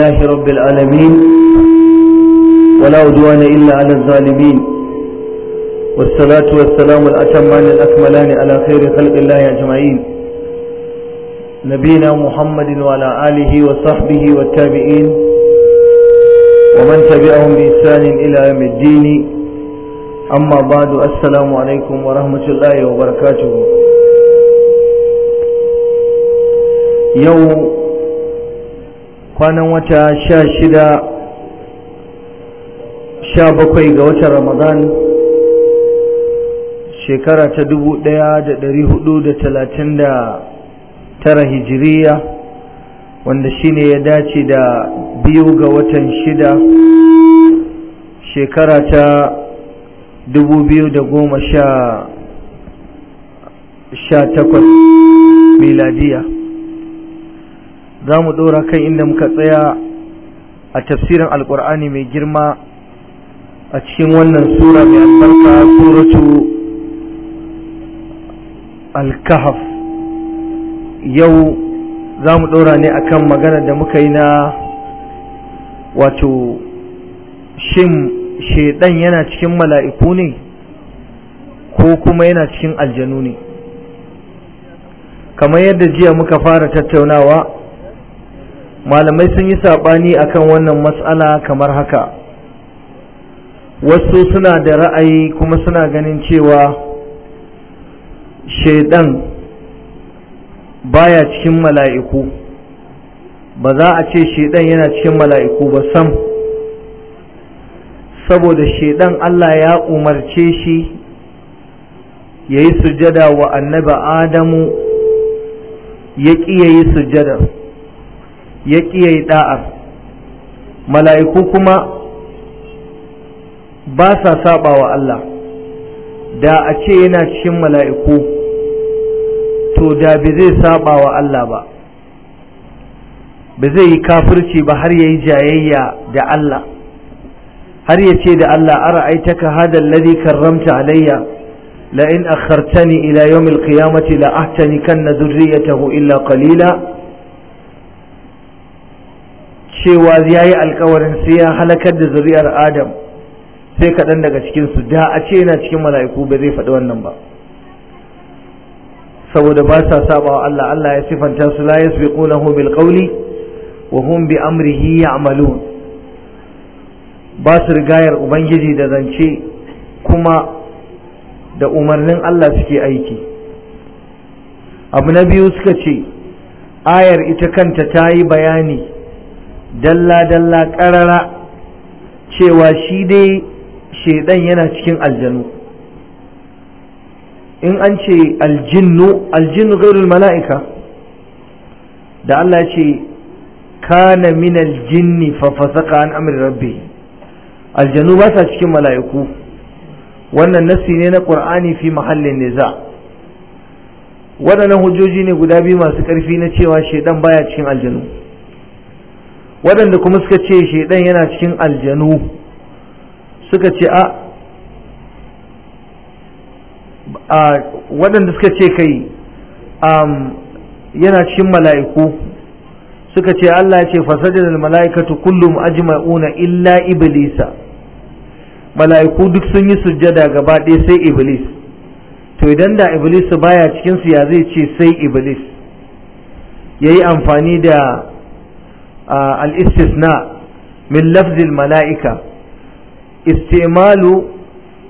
لله رب العالمين ولا عدوان إلا على الظالمين والصلاة والسلام الأتمان الأكملان على خير خلق الله أجمعين نبينا محمد وعلى آله وصحبه والتابعين ومن تبعهم بإحسان إلى يوم الدين أما بعد السلام عليكم ورحمة الله وبركاته يوم kwanan wata sha shida sha bakwai ga watan ramadan shekara ta dubu ɗaya da ɗari hudu da talatin da tara hijiriya wanda shi ne ya dace da biyu ga watan shida shekara ta dubu biyu da goma sha takwas miladiya za mu ɗora kan inda muka tsaya a tafsirin alkur'ani mai girma a cikin wannan sura mai albarka suratu alkahaf yau za mu ɗora ne akan magana da muka yi na wato shin shaidan yana cikin mala'iku ne ko kuma yana cikin aljanu ne kamar yadda jiya muka fara tattaunawa malamai sun yi saɓani akan wannan matsala kamar haka wasu suna da ra'ayi kuma suna ganin cewa shaidan baya cikin mala'iku ba za a ce shaidan yana cikin mala'iku ba sam saboda shaidan Allah ya umarce shi ya yi sujada wa annaba adamu ya ƙi ya yi sujadar ya yi ɗa'ar mala'iku kuma ba sa saba wa Allah da a ce yana cikin mala'iku to da ba zai saba wa Allah ba ba zai yi kafirci ba har ya yi jayayya da Allah har ya ce da Allah ara ka hadal ladhi karramta alayya لئن أخرتني إلى يوم القيامة ya ذريته illa قليلا cewa ya yi alkawarin sai ya halakar da zuri'ar adam sai kaɗan daga cikinsu da a ce yana cikin mala'iku ba zai faɗi wannan ba saboda ba sa saba wa Allah Allah ya sifanta su la yasbiqunahu bil qawli wa hum bi amrihi ya'malun ba su rigayar ubangiji da zance kuma da umarnin Allah suke aiki abu na biyu suka ce ayar ita kanta ta yi bayani dalla-dalla ƙarara cewa shi dai shaidan yana cikin aljanu in an ce aljinnu aljinnu gairul mala'ika da Allah ce kana min aljinni fafasaka an amri rabbi aljanu ba sa cikin mala'iku wannan nassi ne na ƙur'ani fi mahallin niza waɗannan hujjoji ne guda biyu masu ƙarfi na cewa shaidan baya cikin aljanu waɗanda kuma suka ce shaidan yana cikin aljanu suka ce a waɗanda suka ce kai yana cikin mala'iku suka ce Allah ya ce fasajar mala'ikatu kullum ajma'una illa iblisa mala'iku duk sun yi sujjada gaba ɗaya sai iblis to idan da iblis baya cikinsu ya zai ce sai iblis ya yi amfani da al-istisna min lafzil mala'ika istimalu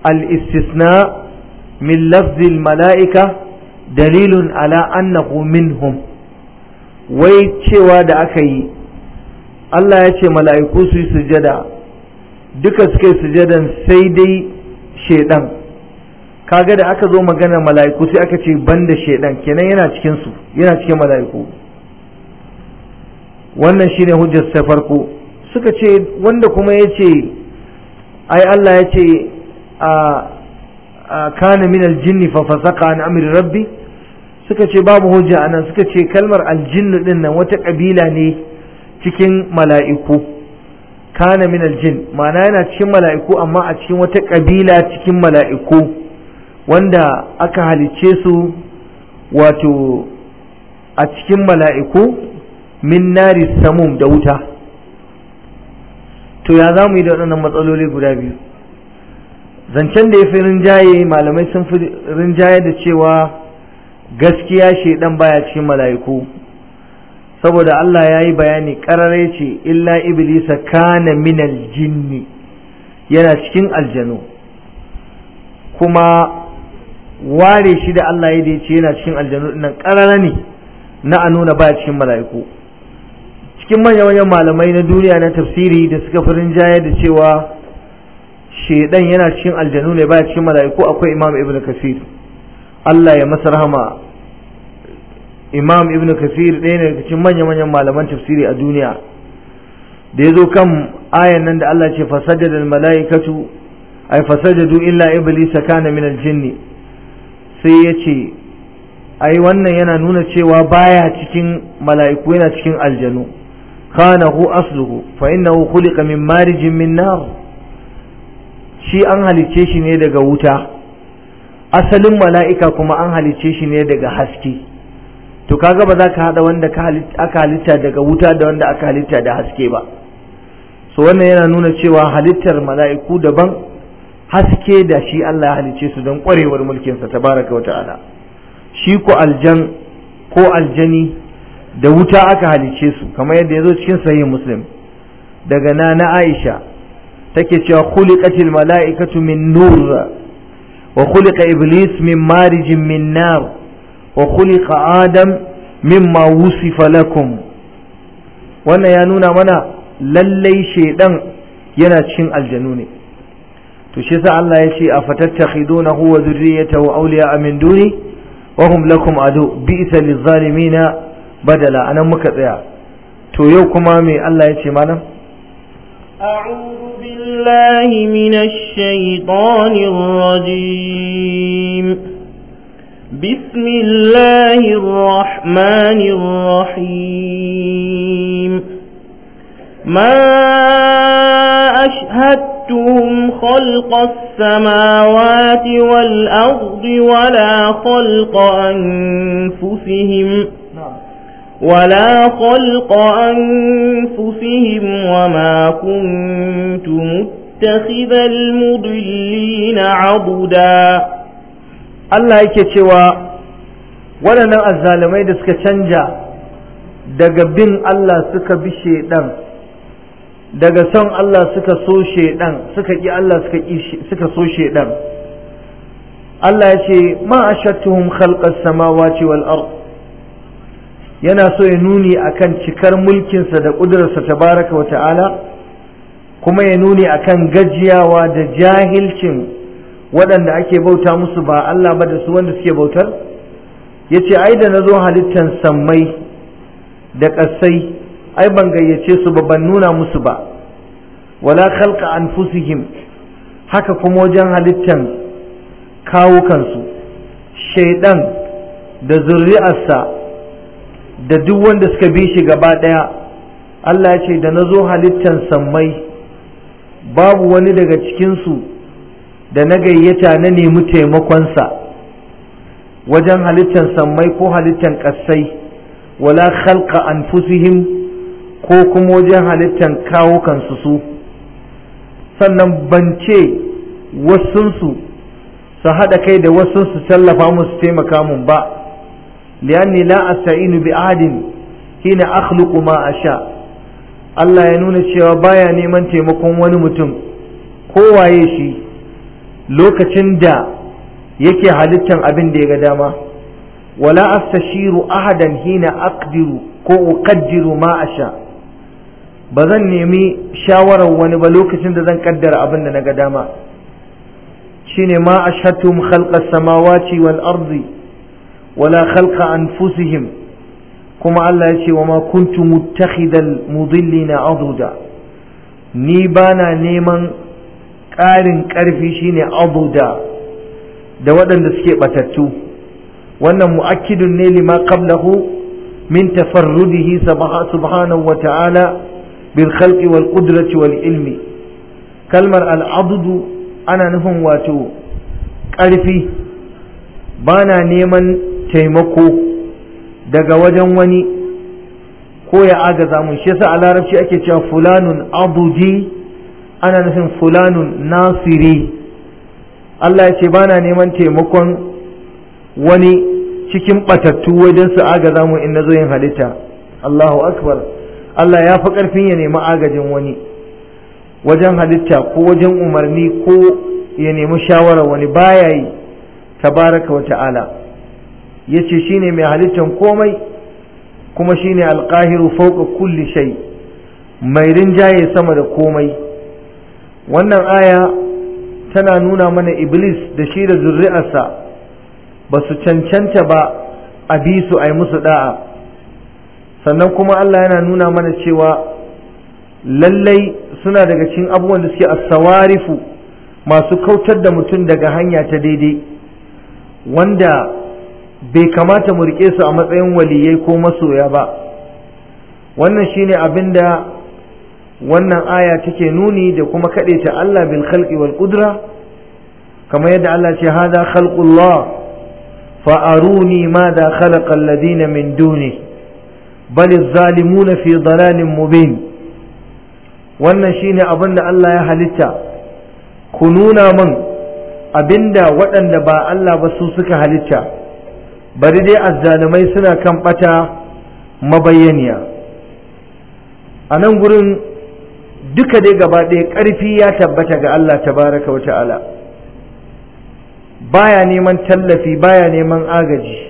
al-istisna min lafzil mala'ika dalilun ala annahu minhum wai cewa da aka yi Allah ya ce mala'iku su yi sujada duka suka sujadan sai dai shaidan kaga da aka zo magana mala'iku sai aka ce ban da shaidan kenan yana cikinsu yana cikin mala'iku wannan shine hujjar ta farko suka ce wanda kuma ya ce ai Allah ya ce a kana min aljin fa fasaka an amri rabbi suka ce babu hujja anan suka ce kalmar aljinnu din nan wata kabila ne cikin mala'iku kana min aljin ma'ana yana cikin mala'iku amma a cikin wata kabila cikin mala'iku wanda aka halicce su wato a cikin mala'iku min nari samum da wuta to ya za mu yi da waɗannan matsaloli guda biyu zancen da ya fi rinjaye malamai sun fi rinjaye da cewa gaskiya shi shaidan baya cikin mala'iku saboda Allah ya yi bayani ƙararai ce illa iblisa kana minal jinni yana cikin aljanu kuma ware shi da Allah ya ce yana cikin aljanu ɗin ƙarara ne na a nuna baya cikin mala'iku cikin manya-manyan malamai na duniya na tafsiri da suka fi rinjaye da cewa shedan yana cikin aljanu ne baya cikin mala'iku akwai imam ibn kasir Allah ya masa rahama imam ibn kasir ɗaya ne cikin manya-manyan malaman tafsiri a duniya da ya zo kan ayan nan da Allah ce al mala'ikatu ay fasajjadu illa iblis kana min jinni sai ya ce ai wannan yana nuna cewa baya cikin mala'iku yana cikin aljanu خانه asluhu fa خلق من min marijin min شي shi an halicce shi ne daga wuta asalin mala'ika kuma an halicce shi ne daga haske to kaga ba za ka hada wanda aka halitta daga wuta da wanda aka halitta da haske ba so wannan yana nuna cewa halittar mala'iku daban haske da shi Allah ya halicce su don ƙwarewar mulkinsa tabaraka wa ta'ala shi ko aljan ko aljani da wuta aka halice su kamar yadda ya zo cikin sahih muslim daga na na aisha take cewa khuliqatil mala'ikatu min nur wa khuliqa iblis min marijin min nar wa khuliqa adam mimma wusifa lakum wannan ya nuna mana lallai shaidan yana cikin aljanu ne to shi sa Allah ya ce a fatattakhidunahu wa zurriyatahu awliya min duni wa hum lakum adu bi'sa lizzalimina badala anan muka tsaya to yau kuma me Allah ya ce malam a'udhu billahi minash shaitanir rajim bismillahir rahmanir rahim ma أشهدتهم خلق السماوات والأرض ولا خلق أنفسهم ولا خلق أنفسهم وما كنت متخذ المضلين عبدا Allah yake cewa waɗannan azzalumai da suka canja daga bin Allah suka bi shaidan daga son Allah suka so shaidan suka ƙi Allah suka so shaidan Allah ya ce ma ashattuhum khalqas samawati wal ard yana so ya nuni akan cikar mulkinsa da ƙudurarsa tabaraka wa ta'ala kuma ya nuni akan gajiyawa da jahilcin waɗanda ake bauta musu ba Allah ba da su wanda suke bautar ya ce ai da na zo halittar sammai da ƙasai ai ban gayyace su ba ban nuna musu ba wala khalqa anfusihim haka kuma wajen halittan kawukansu shaidan da zuri'arsa da duk wanda suka bi shi gaba ɗaya Allah ya ce da na zo halittan sammai babu wani daga cikinsu da na gayyata na nemi taimakonsa wajen halittan sammai ko halittan ƙasai wala khalqa anfusihim ko kuma wajen halittan kawo kansu su sannan ban ce wasunsu su haɗa kai da wasunsu tallafa musu taimaka mun ba li'anni la asta'inu bi ahadin hina akhluqu ma'asha. Allah ya nuna cewa baya neman taimakon wani mutum kowaye shi lokacin da yake halittar abin da ya ga dama wala astashiru ahadan hina aqdiru ko uqaddiru ma'asha. ba zan nemi shawarar wani ba lokacin da zan ƙaddara abin da na ga dama shine ma ashatum khalqas samawati wal ardi wala khalqa anfusihim kuma Allah ya ce wa ma kuntu muttakhidal mudillina aduda ni bana neman ƙarin ƙarfi shine aduda da waɗanda suke ɓatattu wannan mu'akkidun ne lima qablahu min tafarrudihi subhanahu wa ta'ala bil khalqi wal qudrati wal ilmi kalmar al adudu ana nufin wato ƙarfi bana neman taimako daga wajen wani ko ya agaza mun shi yasa a larabci ake cewa fulanun abuji ana nufin fulanun nasiri Allah ya ce bana neman taimakon wani cikin batattu wajen su agaza mun in na yin halitta Allahu akbar Allah ya fi ƙarfin ya nemi agajin wani wajen halitta ko wajen umarni ko ya nemi shawarar wani baya yi tabaraka wa ta'ala yace shine mai halittar komai kuma shine alqahiru fawqa kulli shay mai rinjaye sama da komai wannan aya tana nuna mana iblis da shi da zurri'arsa ba su cancanta ba a bi su ai musu da'a sannan kuma Allah yana nuna mana cewa lallai suna daga cikin abubuwan da suke as-sawarifu masu kautar da mutum daga hanya ta daidai wanda bai kamata mu rike su a matsayin waliyai ko masoya ba wannan shine abin da wannan aya take nuni da kuma kaɗe ta Allah bil khalqi wal qudra kamar yadda Allah ce hada khalqullah fa aruni ma da khalaqa alladhina min duni bal zalimuna fi dalalin mubin wannan shine abin da Allah ya halitta ku nuna min abinda waɗanda ba Allah ba su suka halitta bari dai azzalumai suna kan bata mabayyaniya a nan gurin duka dai gaba ɗaya ƙarfi ya tabbata ga Allah tabaraka wa ta'ala baya neman tallafi baya neman agaji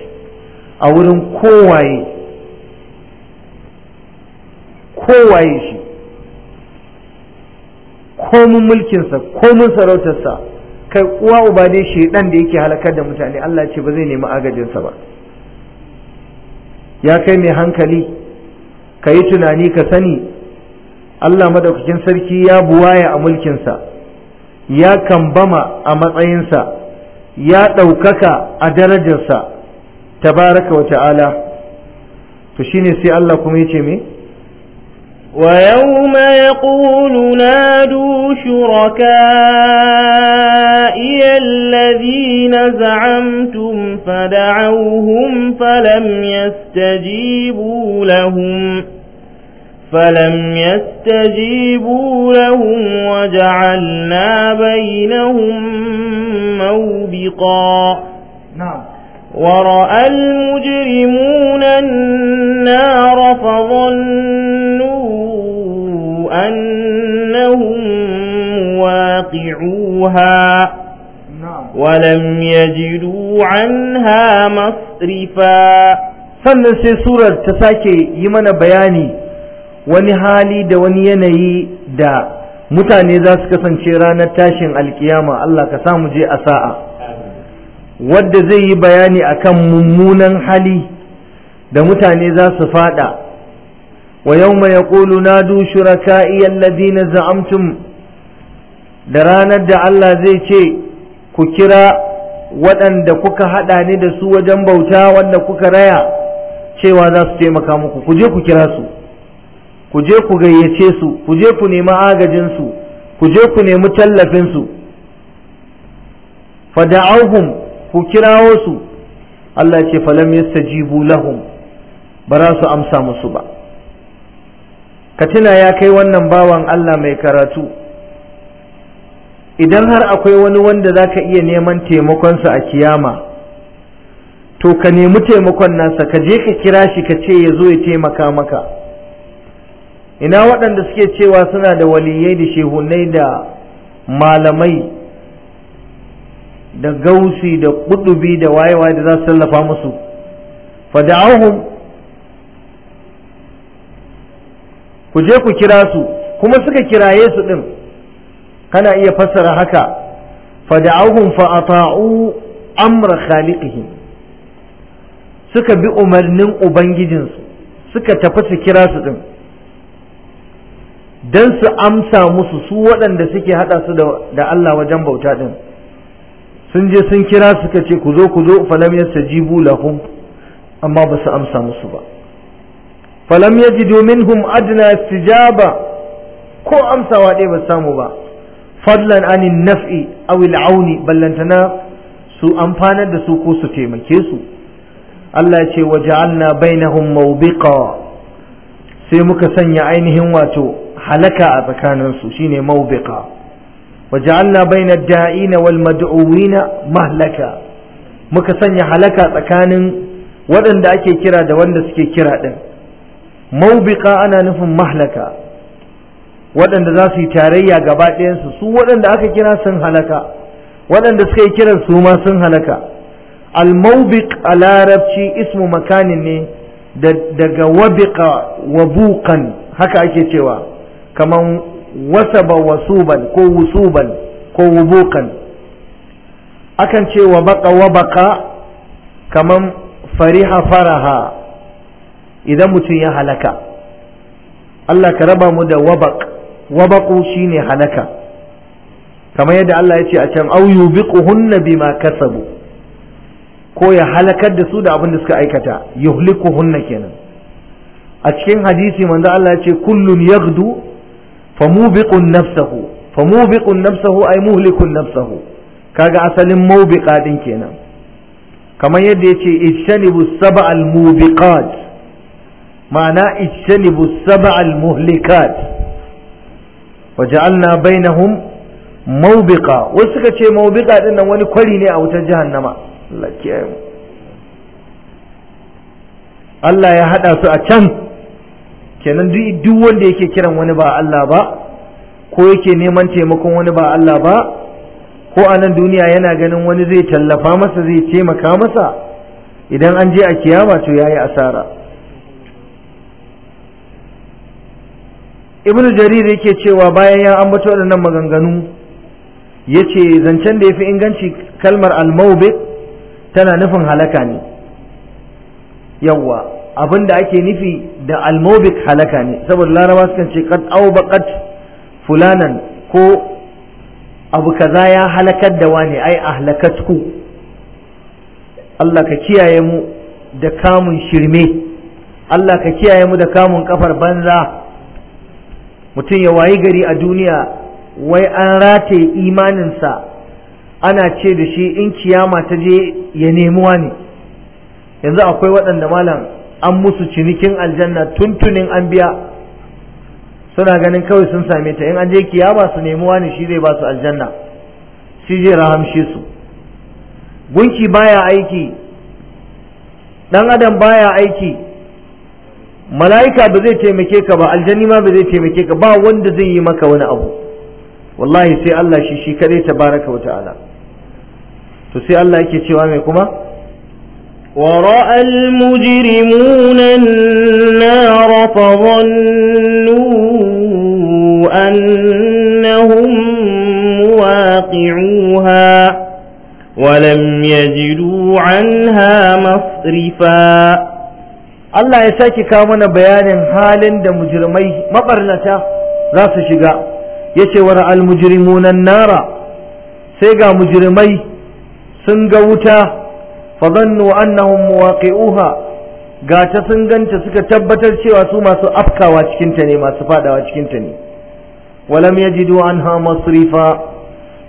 a wurin kowaye kowaye shi komun mulkinsa komun sarautarsa kai uwa uba shi dan da yake halakar da mutane Allah ce ba zai nemi agajinsa ba ya kai mai hankali ka yi tunani ka sani Allah madaukakin sarki ya buwaya a mulkinsa ya kambama a matsayinsa ya ɗaukaka a darajarsa tabaraka wa ta'ala to shine sai Allah kuma ya ce me ويوم يقول نادوا شركائي الذين زعمتم فدعوهم فلم يستجيبوا لهم فلم يستجيبوا لهم وجعلنا بينهم موبقاً ورأى المجرمون النار فظنوا أنهم واقعوها ولم يجدوا عنها مصرفا sannan sai surar ta sake yi mana bayani wani hali da wani yanayi da mutane za su kasance ranar tashin alkiyama Allah ka samu je a sa'a wadda zai yi bayani akan mummunan hali da mutane za su fada wa yawma yaqulu nadu shuraka'i alladhina za'amtum da ranar da Allah zai ce ku kira waɗanda kuka haɗa ni da su wajen bauta wanda kuka raya cewa za su taimaka muku ku je ku kira su ku je ku gayyace su ku je ku nemi agajinsu ku je ku nemi tallafinsu fada'auhum ku kirawo su Allah ce falam yastajibu lahum ba za su amsa musu ba ka tuna ya kai wannan bawan Allah mai karatu idan har akwai wani wanda za ka iya neman taimakonsa a kiyama to ka nemi taimakon nasa ka je ka kira shi ka ce ya zo ya taimaka maka ina waɗanda suke cewa suna da waliyai da shehunai da malamai da gausi da kudubi da wayewa da za su tallafa musu fada'ahum ku je ku kira su kuma suka kiraye su din kana iya fassara haka fada'ahum fa ata'u amra khaliqihim suka bi umarnin ubangijinsu suka tafi su kira su din don su amsa musu su waɗanda suke haɗa su da Allah wajen bauta ɗin sun je sun kira suka ce ku zo ku zo falam yastajibu lahum amma ba su amsa musu ba falam domin hum adna tijaba ko amsawa ɗaya ba samu ba fadlan anin naf'i aw al'auni ballantana su amfanar da su ko su taimake su Allah ya bai na bainahum mawbiqa sai muka sanya ainihin wato halaka a tsakaninsu shine mawbiqa وجعلنا بين الداعين والمدعوين مهلكا muka sanya halaka tsakanin waɗanda ake kira da wanda suke kira ɗin maubiƙa ana nufin mahlaka waɗanda za su yi tarayya gaba ɗayansu su waɗanda aka kira sun halaka waɗanda suka yi kiran su ma sun halaka almaubiq a larabci ismu makani ne daga wabiƙa wabuƙan haka ake cewa kamar wasaba wasuban ko wusuban ko wubukan akan ce wa baka wa baka kaman fariha faraha idan mutum ya halaka Allah ka raba mu da wabak wabaku shine halaka kamar yadda Allah ya ce a can auyu bi bima kasabu ko ya halakar da su da abin da suka aikata yuhlikuhunna kenan a cikin hadisi manzo Allah ya ce kullun yaghdu famubiqun nafsahu famubiqun nafsahu ay muhlikun nafsahu kaga asalin mubiqa din kenan kamar yadda ya ce sab'al mubiqat ma'ana ijtanibu sab'al muhlikat waja'alna bainahum mawbiqa wasu suka ce mawbiqa ɗinnan wani kwari ne a wutar jahannama Allah Allah ya hada su a can kenan duk wanda yake kiran wani ba Allah ba ko yake neman taimakon wani ba Allah ba ko a nan duniya yana ganin wani zai tallafa masa zai taimaka masa idan an je a kiyama to yayi asara ibnu jarir yake cewa bayan ya ambato nan maganganu yace zancen da ya fi inganci kalmar al tana nufin halaka ne yawwa abin da ake nufi da almobik halaka ne saboda laraba sukan ce kad aubaqat fulanan ko abu kaza ya halakar da wani ai ahlakatku Allah ka kiyaye mu da kamun shirme Allah ka kiyaye mu da kamun kafar banza mutum ya wayi gari a duniya wai an rataye imaninsa ana ce da shi in kiyama ta je ya nemi wani yanzu akwai waɗanda malam an musu cinikin aljanna tuntunin an biya suna ganin kawai sun same ta in an je kiyama su nemi wani shi zai ba su aljanna shi zai rahamshe su gunki baya aiki dan adam baya aiki mala'ika ba zai taimake ka ba aljanni ma ba zai taimake ka ba wanda zai yi maka wani abu wallahi sai Allah shi shi kadai baraka wa ta'ala to sai Allah yake cewa mai kuma ورأى المجرمون النار فظنوا أنهم مواقعوها ولم يجدوا عنها مصرفا Allah ya sake kawo mana bayanin halin da mujrimai mabarnata za su shiga ya ce al mujrimunan nara sai ga mujirimai sun ga wuta fadannu annahum muwaqi'uha gata sun ganta suka tabbatar cewa su masu afkawa cikin ta ne masu fadawa cikin ta ne walam yajidu anha masrifa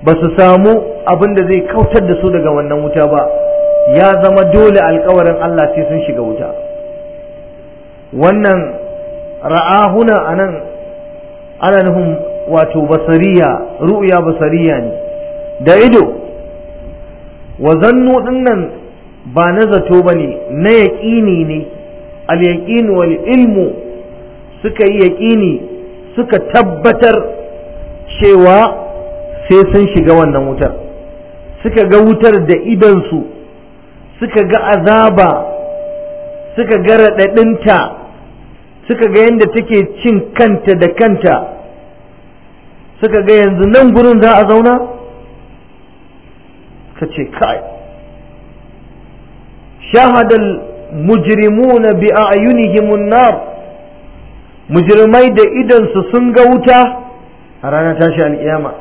ba su samu abin da zai kautar da su daga wannan wuta ba ya zama dole alkawarin Allah sai sun shiga wuta wannan ra'ahuna anan ana nufin wato basariya ru'ya basariya ne da ido wa zannu dinnan ba na zato ba ne na yaƙini ne al wani ilmu suka yi yaƙini suka tabbatar cewa sai sun shiga wannan wutar suka ga wutar da idansu suka ga azaba suka ga raɗaɗinta suka ga yadda take cin kanta da kanta suka ga yanzu nan gurin za a zauna ka ce kai shahada mujrimuna bi a'yunihim an-nar mujrimai da idan sun ga wuta a ranar tashi alkiyama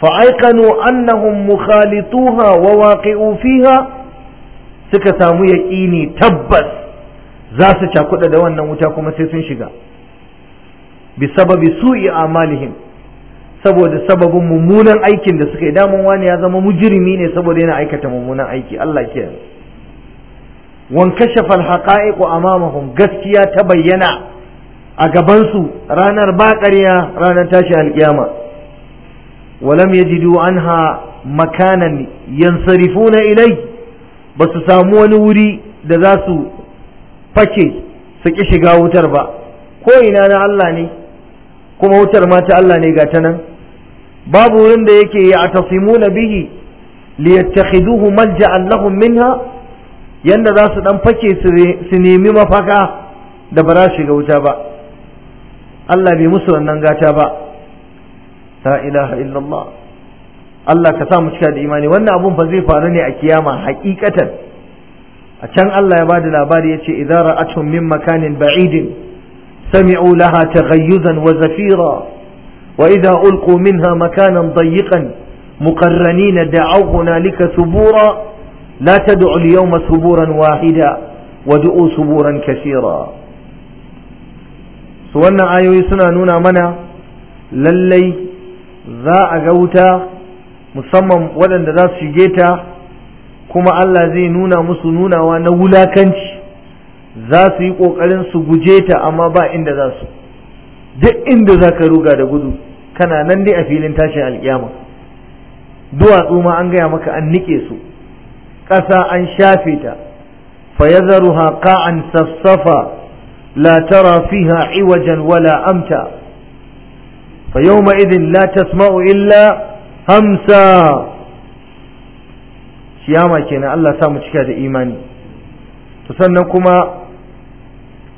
fa aiqanu annahum mukhalituha wa suka samu yaƙini tabbas za su cakuɗa da wannan wuta kuma sai sun shiga bi sababi su'i amalihim saboda sababin mummunan aikin da suka yi damun wani ya zama mujirimi ne saboda yana aikata mummunan aiki Allah kiyaye wankashafa alhaqa'iqu amamahum gaskiya ta bayyana a gabansu ranar baƙarya ranar tashi alƙiyama walam yajidu anha makanan yansarifuna ilai ba su samu wani wuri da za su fake su shiga wutar ba ko ina na Allah ne kuma wutar ma ta Allah ne ga ta nan babu wurin da yake ya atasimuna bihi liyattakhiduhu malja'an lahum minha yanda za su dan fake su nemi mafaka da ba za shiga wuta ba Allah bai musu wannan gata ba la ilaha illallah Allah ka sa mu cika da imani wannan abun fa zai faru ne a kiyama hakikatan a can Allah ya bada labari yace idza ra'atuhum min makanin ba'idin sami'u laha taghayyuzan wa zafira wa idza ulqu minha makanan dayiqan muqarranina da'u hunalika thubura لا تدع اليوم سبورا واحدا ودعوا سبورا كثيرا su wannan ayoyi suna nuna mana lallai za a ga wuta musamman waɗanda za su shige ta kuma Allah zai nuna musu nunawa na wulakanci za su yi ƙoƙarin su guje ta amma ba inda za su duk inda za ka ruga da gudu kana nan dai a filin tashin alƙiyama duwatsu ma an gaya maka an nike su ƙasa an shafe ta fayadharuha an safsafa la tara fiha iwajan wala amta fa yawma idhin la tasma'u illa hamsa kiyama kenan Allah sa mu cika da imani to sannan kuma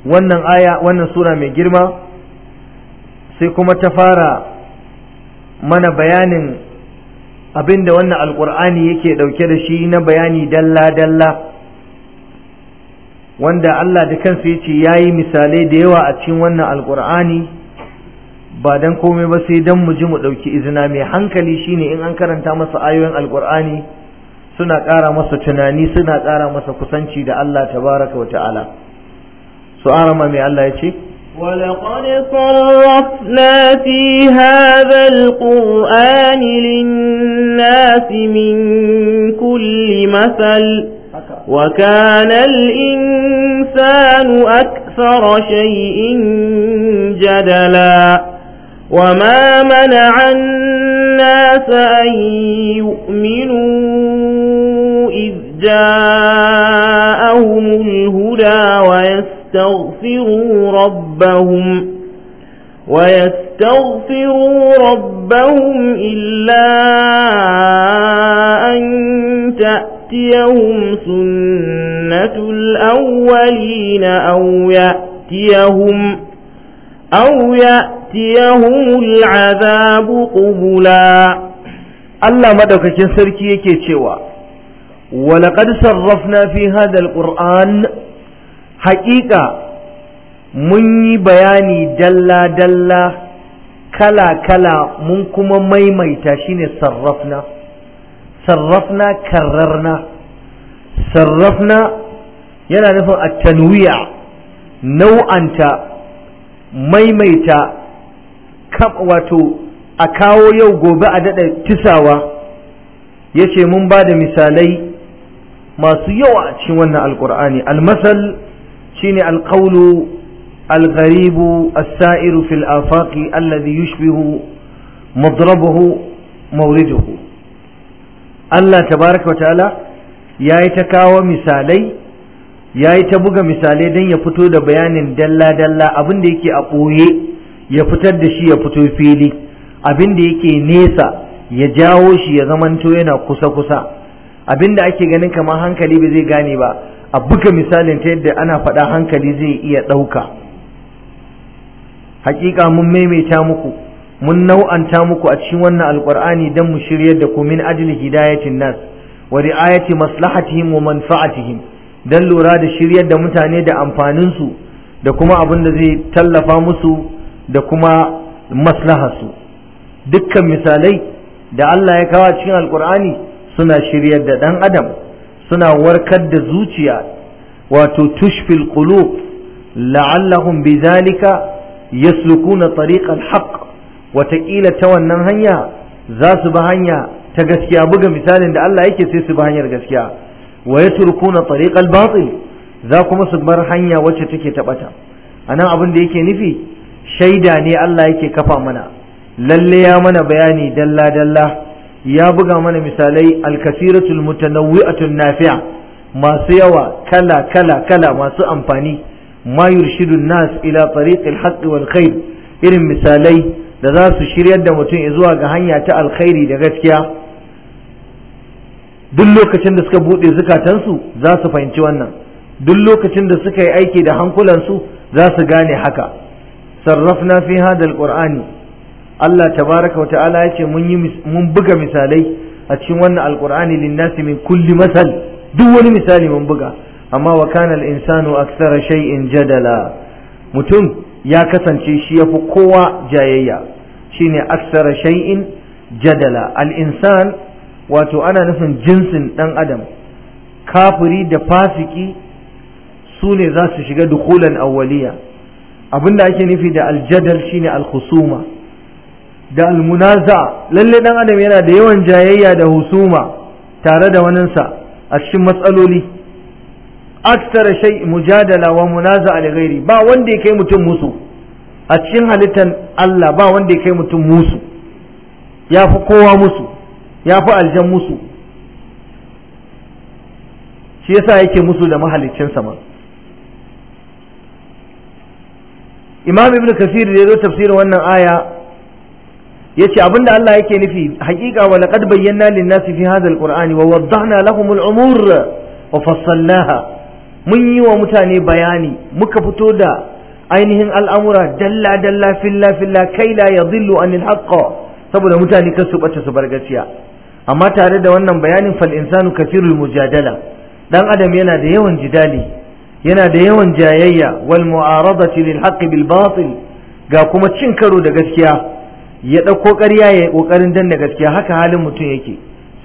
wannan aya wannan sura mai girma sai kuma ta fara mana bayanin abinda wannan alkur'ani yake dauke da shi na bayani dalla dalla wanda Allah da kansa ya yace yayi misalai da yawa a cikin wannan alkur'ani ba dan komai ba sai dan mu ji mu ɗauki izina mai hankali shine in an karanta masa ayoyin alkur'ani suna ƙara masa tunani suna ƙara masa kusanci da Allah tabaraka wa ta'ala su arama mai Allah ya ce ولقد صرفنا في هذا القرآن للناس من كل مثل وكان الإنسان أكثر شيء جدلا وما منع الناس أن يؤمنوا إذ جاءهم الهدى ويستغفروا ربهم ربهم ويستغفروا ربهم إلا أن تأتيهم سنة الأولين أو يأتيهم أو يأتيهم العذاب قبلا الله مدوكك سركي يكي ولقد صرفنا في هذا القرآن حقيقة mun yi bayani dalla-dalla kala-kala mun kuma maimaita shine sarrafna sarrafna karrarna sarrafna yana nufin a tanwiya nau'anta maimaita wato a kawo yau gobe a daɗa tisawa ya ce mun ba da misalai masu yawa a cikin wannan alkur'ani almasal shine alkaulu الغريب السائر في الآفاق الذي يشبه مضربه مورده Allah tabaraka wata'ala ya yi ta kawo misalai ya yi ta buga misalai don ya fito da bayanin dalla-dalla abin da yake a ɓoye ya fitar da shi ya fito fili abin da yake nesa ya jawo shi ya zamanto yana kusa-kusa abin da ake ganin kamar hankali ba zai gane ba a buga misalin ta yadda ana faɗa hankali zai iya ɗauka. hakika mun maimaita muku mun nau'anta muku a cikin wannan alqur'ani dan mu shiryar da ku min ajli hidayatin nas wa ri'ayati maslahatihim wa manfa'atihim dan lura da shiryar da mutane da amfanin su da kuma abin da zai tallafa musu da kuma maslaharsu dukkan misalai da Allah ya kawo cikin alkur'ani suna shiryar da ɗan adam suna warkar da zuciya wato tushfil qulub la'allahum bizalika yaslukuna tariqal haqq wataƙila ta wannan hanya za su bi hanya ta gaskiya buga misalin da Allah yake sai su bi hanyar gaskiya wa yatrukuna tariqal batil za kuma su bar hanya wacce take ta bata anan abin da yake nufi shaida ne Allah yake kafa mana lalle ya mana bayani dalla dalla ya buga mana misalai alkasiratul mutanawwi'atun nafi'a masu yawa kala kala kala masu amfani ما يرشد nas ila طريق الحق والخير irin misalai da za su shiryar da mutum ya zuwa ga hanya ta alkhairi da gaskiya duk lokacin da suka buɗe zukatansu za su fahimci wannan duk lokacin da suka yi aiki da hankulansu za su gane haka sarrafna fi hadal qur'ani Allah tabaraka wa ta'ala ya ce mun buga misalai a cikin wannan alqur'ani nasi min kulli masal duk wani misali mun buga amma wa kana al-insanu akthara shay'in jadala mutum ya kasance shi yafi kowa jayayya shine aksara shay'in jadala al-insan wato ana nufin jinsin dan adam kafiri da fasiki su ne za su shiga dukulan awwaliya abinda ake nufi da aljadal shine al-khusuma da almunaza lalle dan adam yana da yawan jayayya da husuma tare da waninsa a cikin matsaloli aksara shay mujadala wa munaza'a da gairi ba wanda ya kai mutum musu a cikin halittan Allah ba wanda ya kai mutum musu ya fi kowa musu ya fi aljan musu shi yasa yake musu da mahaliccin sama imam ibn kasir da ya zo tafsirin wannan aya yace abinda Allah yake nufi haƙiƙa wa laqad bayyana lin-nasi fi hadha qurani wa waddahna lahum al-umur wa fassalnaha mun yi wa mutane bayani muka fito da ainihin al'amura dalla dalla filla filla kai la yadhillu anil haqqa saboda mutane kan su bace su bar gaskiya amma tare da wannan bayanin fal insanu kathirul mujadala dan adam yana da yawan jidali yana da yawan jayayya wal mu'aradati lil haqqi bil batil ga kuma cin karo da gaskiya ya dauko ƙarya ya kokarin danna gaskiya haka halin mutum yake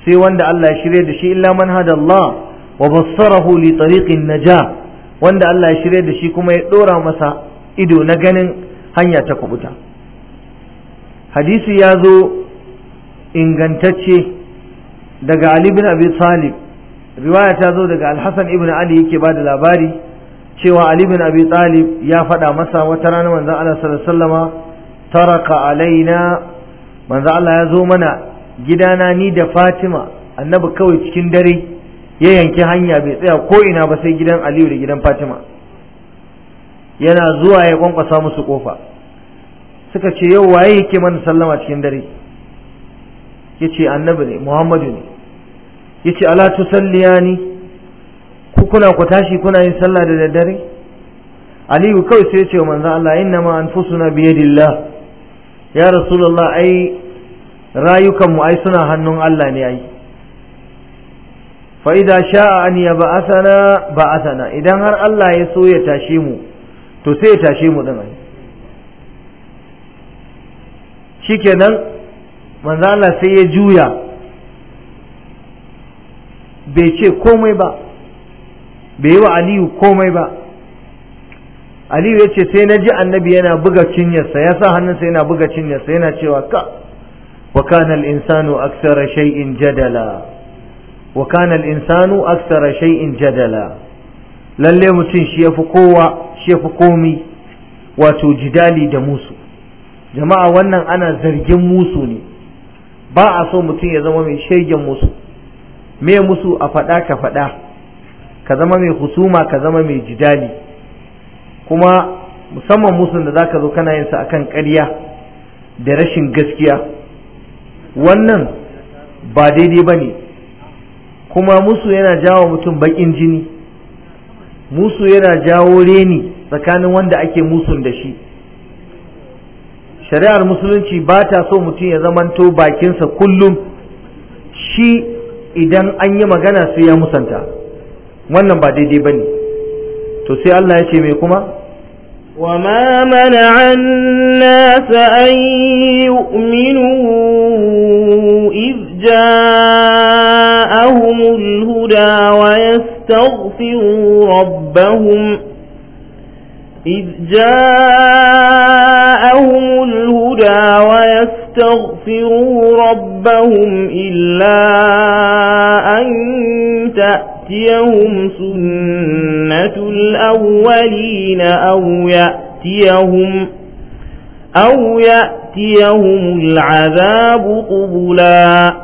sai wanda Allah ya shirye da shi illa man hadallah wa bassarahu li tariqin najah wanda Allah ya shirye da shi kuma ya ɗora masa ido na ganin hanya ta kubuta hadisi ya zo ingantacce daga Ali bin Abi Talib riwaya ta zo daga Alhassan hasan ibn Ali yake ba da labari cewa Ali bin Abi Talib ya faɗa masa wata rana manzon Allah sallallahu alaihi wasallama taraka alaina manzon Allah ya zo mana gidana ni da Fatima annabi kawai cikin dare ya yanki hanya bai tsaya ko ina ba sai gidan aliyu da gidan fatima yana zuwa ya kwankwasa musu kofa suka ce yau waye yake mana sallama cikin dare ya ce annabi ne muhammadu ne ya ce ala ni? ku kuna ku tashi kuna yin sallah da daddare aliyu kawai sai ya ce manzo Allah inna ma anfusuna yadillah ya rasulullah ai mu ai suna hannun Allah ne ai fa'ida sha'a an ya ba'asana ba'asana idan har Allah ya so ya tashe mu to sai ya tashe mu ɗin shi kenan manzo Allah sai ya juya bai ce komai ba bai yi wa Aliyu komai ba Aliyu ya ce sai na ji annabi yana buga cinyarsa ya sa hannunsa yana buga cinyarsa yana cewa ka wa kana al-insanu aktsara shay'in jadala wa kana al-insanu akthara shay'in jadala lalle mutum shi yafi kowa shi yafi komi wato jidali da musu jama'a wannan ana zargin musu ne ba a so mutum ya zama mai shegen musu me musu a faɗa ka faɗa ka zama mai husuma ka zama mai jidali kuma musamman musu da ka zo kana yin sa akan ƙarya da rashin gaskiya wannan ba daidai bane kuma musu yana jawo mutum bakin jini musu yana jawo reni tsakanin wanda ake musun da shi shari'ar musulunci ba ta so mutum ya zamanto bakinsa kullum shi idan an yi magana sai ya musanta wannan ba daidai ba ne to sai Allah ya ce mai kuma وما منع الناس أن يؤمنوا إذ جاءوا لهم الهدى ويستغفروا ربهم إذ جاءهم الهدى ويستغفروا ربهم إلا أن تأتيهم سنة الأولين أو يأتيهم أو يأتيهم العذاب قبلاً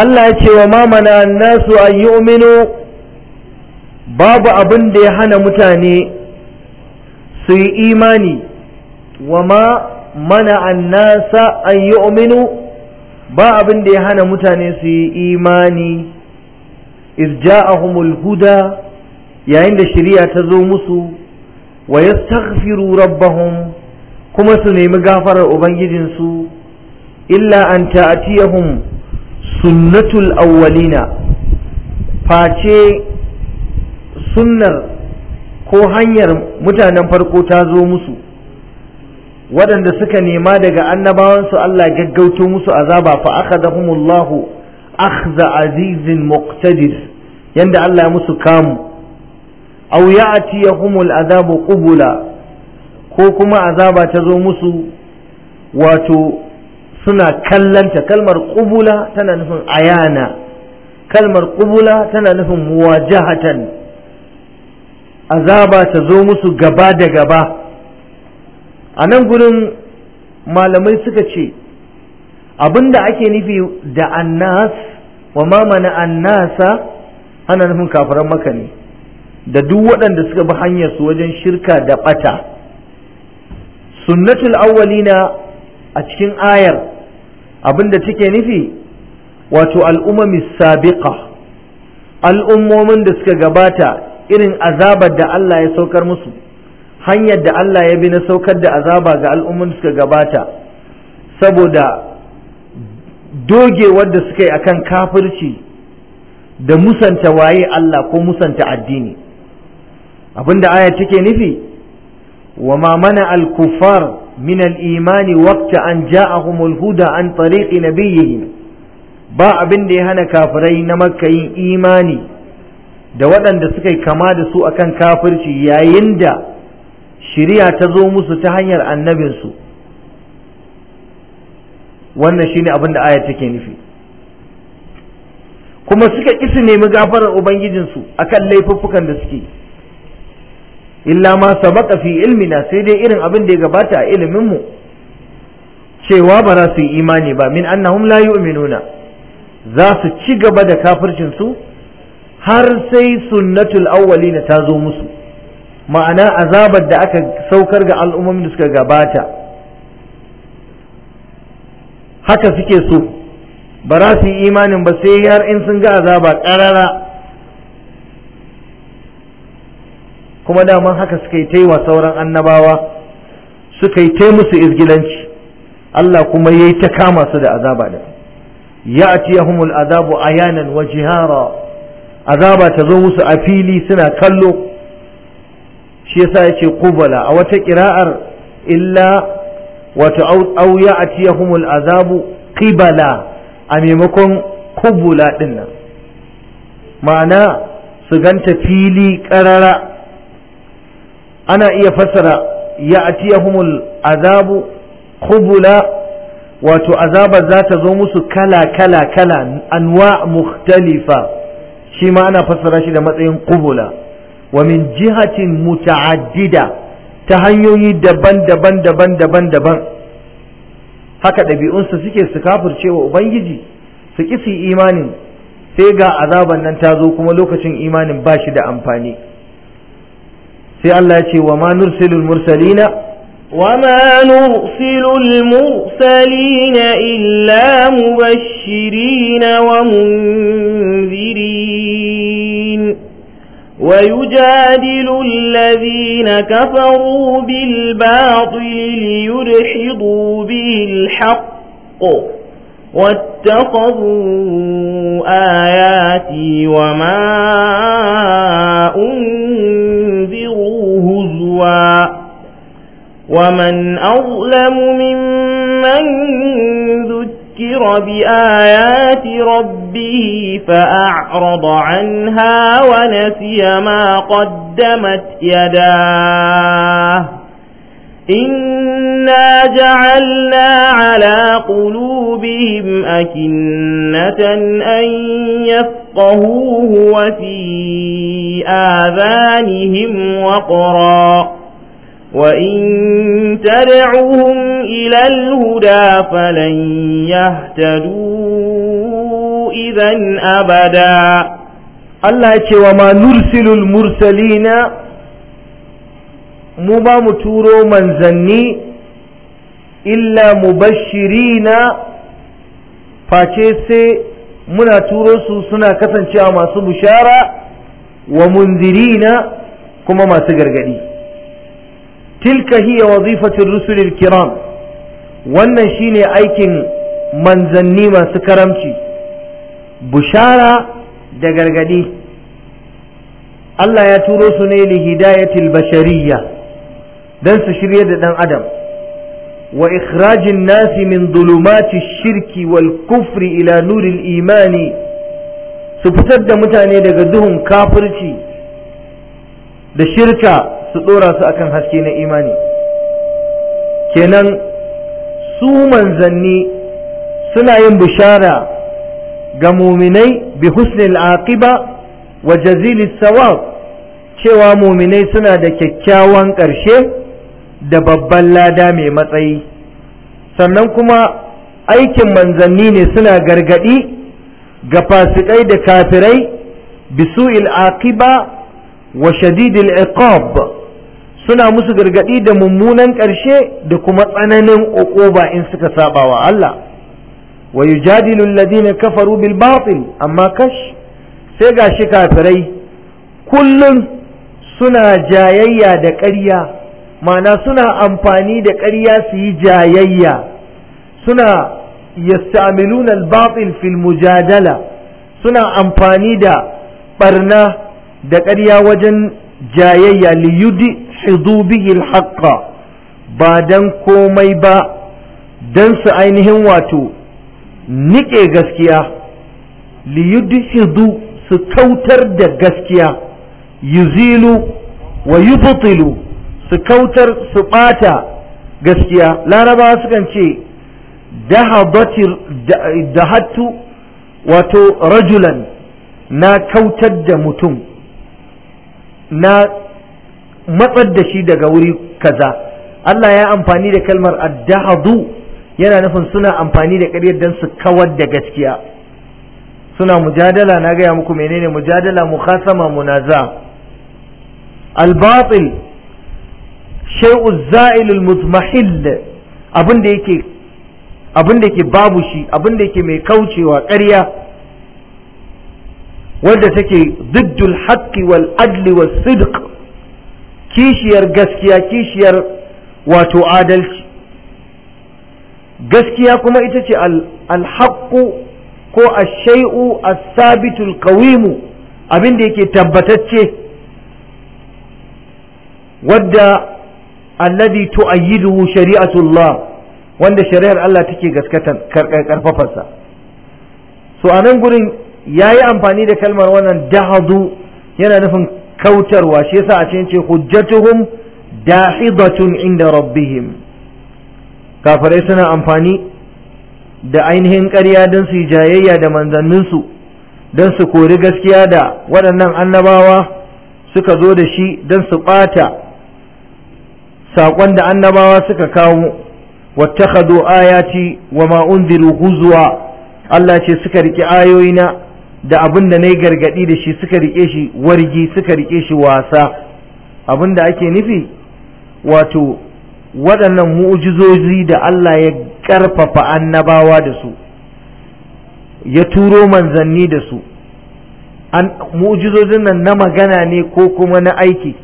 Allah ya ce wa mamana nasu an umino babu abin da ya hana mutane su yi imani wa ma mana an nasa an umino ba abin da ya hana mutane su yi imani a ja'ahumul huda yayin da shirya ta zo musu wa ya tafiru rabbahun kuma su nemi gafarar ubangijinsu illa an ta'atiyahum sunnatul awwalina face sunnar ko hanyar mutanen farko ta zo musu waɗanda suka nema daga annabawansu Allah gaggauto musu azaba fa akhadahumullahu akhza azizin muqtadir yanda Allah ya musu kamu aw ya'tiyahumul azabu qubula ko kuma azaba ta zo musu wato suna kallanta kalmar ƙubula tana nufin ayana kalmar ƙubula tana nufin muwajahatan azaba ta zo musu gaba da gaba a nan gudun malamai suka ce abinda ake nufi da annas wa mamana annasa ana nufin kafiran maka ne da duk waɗanda suka bi hanyar su wajen shirka da ɓata sunnatul awwalina a cikin ayar abinda take nufi wato al'ummami sabiqa al'ummomin da suka gabata irin azabar da Allah ya saukar musu hanyar da Allah ya bi na saukar da azaba ga da suka gabata saboda dogewar da suka yi akan kafirci da musanta waye Allah ko musanta addini abinda aya take nufi wa ma mana al kufar من الإيمان وقت أن جاءهم الهدى عن طريق نبيهم ba abin da ya hana kafirai na makka yin imani da waɗanda suka yi kama da su akan kafirci yayin da shirya ta zo musu ta hanyar annabinsu wannan shine abin da aya take nufi kuma suka ƙi su nemi gafarar ubangijinsu akan laifuffukan da suke illa ma sabaka fi ilmina sai dai irin abin da ya gabata a ilimin mu cewa ba za su yi imani ba min annahum la yu'minuna za su ci gaba da kafircin su har sai sunnatul awwalina ta zo musu ma'ana azabar da aka saukar ga al'ummomin da suka gabata haka suke so ba za su yi imanin ba sai har in sun ga azaba ƙarara kuma daman haka suka yi ta yi wa sauran annabawa suka yi ta yi musu izgilanci Allah kuma ya yi ta kama su da azaba da ya humul azabu yanan wa jihara azaba ta zo musu a fili suna kallo shi yasa yace qubala a wata qira'ar illa wato au ya humul azabu kibala a maimakon kubula din ma'ana su ganta fili ƙarara. ana iya fassara ya atiyahumul azabu khubula wato azabar za ta zo musu kala kala kala anwa mukhtalifa shi ma ana fassara shi da matsayin kubula. wa min jihatin muta'addida ta hanyoyi daban-daban daban-daban daban haka ɗabi'unsa suke su kafirce wa ubangiji su ƙi su imanin sai ga azaban nan ta zo kuma lokacin imanin ba shi da amfani sai Allah ya وما نرسل المرسلين وما نرسل المرسلين إلا مبشرين ومنذرين ويجادل الذين كفروا بالباطل ليدحضوا به الحق واتخذوا آياتي وما أنزل ومن أظلم ممن ذكر بآيات ربه فأعرض عنها ونسي ما قدمت يداه إنا جعلنا على قلوبهم أكنة أن يفقهوه وفي آذانهم وقرا وإن تدعوهم إلى الهدى فلن يهتدوا إذا أبدا الله يتي وما نرسل المرسلين مبا متورو من زني إلا مبشرين فاتيسي muna turo su suna kasancewa masu bushara wa munzirina kuma masu gargadi tilka hiya wazifatul rusulil kiram wannan shine aikin manzanni masu karamci bushara da gargadi Allah ya turo su ne li hidayatil bashariyya dan su shirya da ɗan adam wa ikhrajin nasi min dhulumati shirki wal kufri ila nuril imani su fitar da mutane daga duhun kafurci da shirka su ɗora su akan haske na imani kenan su manzanni suna yin bishara ga muminai bi husnil aqiba wa jazilis sawab cewa muminai suna da kyakkyawan ƙarshe da babban lada mai matsayi sannan kuma aikin manzanni ne suna gargaɗi ga fasikai da kafirai bisu'il aqiba wa shadidil iqab suna musu gargaɗi da mummunan ƙarshe da kuma tsananin uquba in suka saba wa Allah wa yujadilu alladhina kafaru bil batil amma kash sai ga shi kafirai kullum suna jayayya da ƙarya ma'ana suna amfani da ƙarya su yi jayayya suna yasta'miluna al-batil fil mujadala suna amfani da barna da ƙarya wajen jayayya liyudi liyahidu bihi alhaqqa ba dan komai ba dan su ainihin wato nike gaskiya liyudhidu su kautar da gaskiya yuzilu wa yubtilu su kautar su bata gaskiya laraba sukan ce dahattu wato rajulan na kautar da mutum na matsar da shi daga wuri kaza Allah ya amfani da kalmar addahadu yana nufin suna amfani da ƙaryar don su kawar da gaskiya suna mujadala na gaya muku menene mujadala mukhasama munaza al-batil shay'u za'il al-mutmahill abin da yake abin da yake babu shi abin da yake mai kaucewa ƙarya wanda take ziddul haqqi wal adli kishiyar gaskiya kishiyar wato adalci gaskiya kuma ita ce alhaƙu ko ashai'u asabitul kawimu abin da yake tabbatacce wadda alladhi tu'ayyiduhu shari'atullah wanda shari'ar Allah take gaskatan karfafarsa so a nan gurin yayi amfani da kalmar wannan dahadu yana nufin kautarwa shi yasa a cikin ce hujjatuhum dahidatun inda rabbihim kafirai suna amfani da ainihin ƙarya don su yi jayayya da manzanninsu don su kori gaskiya da waɗannan annabawa suka zo da shi don su ɓata saƙon da annabawa suka kawo wattakhadu ayati wa ma huzuwa Allah ce suka riƙe ayoyina da abin da na yi gargaɗi da shi suka rike shi wargi suka rike shi wasa abin da ake nufi wato waɗannan mu'ujizozi da Allah ya ƙarfafa annabawa da su ya turo manzanni da su mu'ujizozin nan na magana ne ko kuma na aiki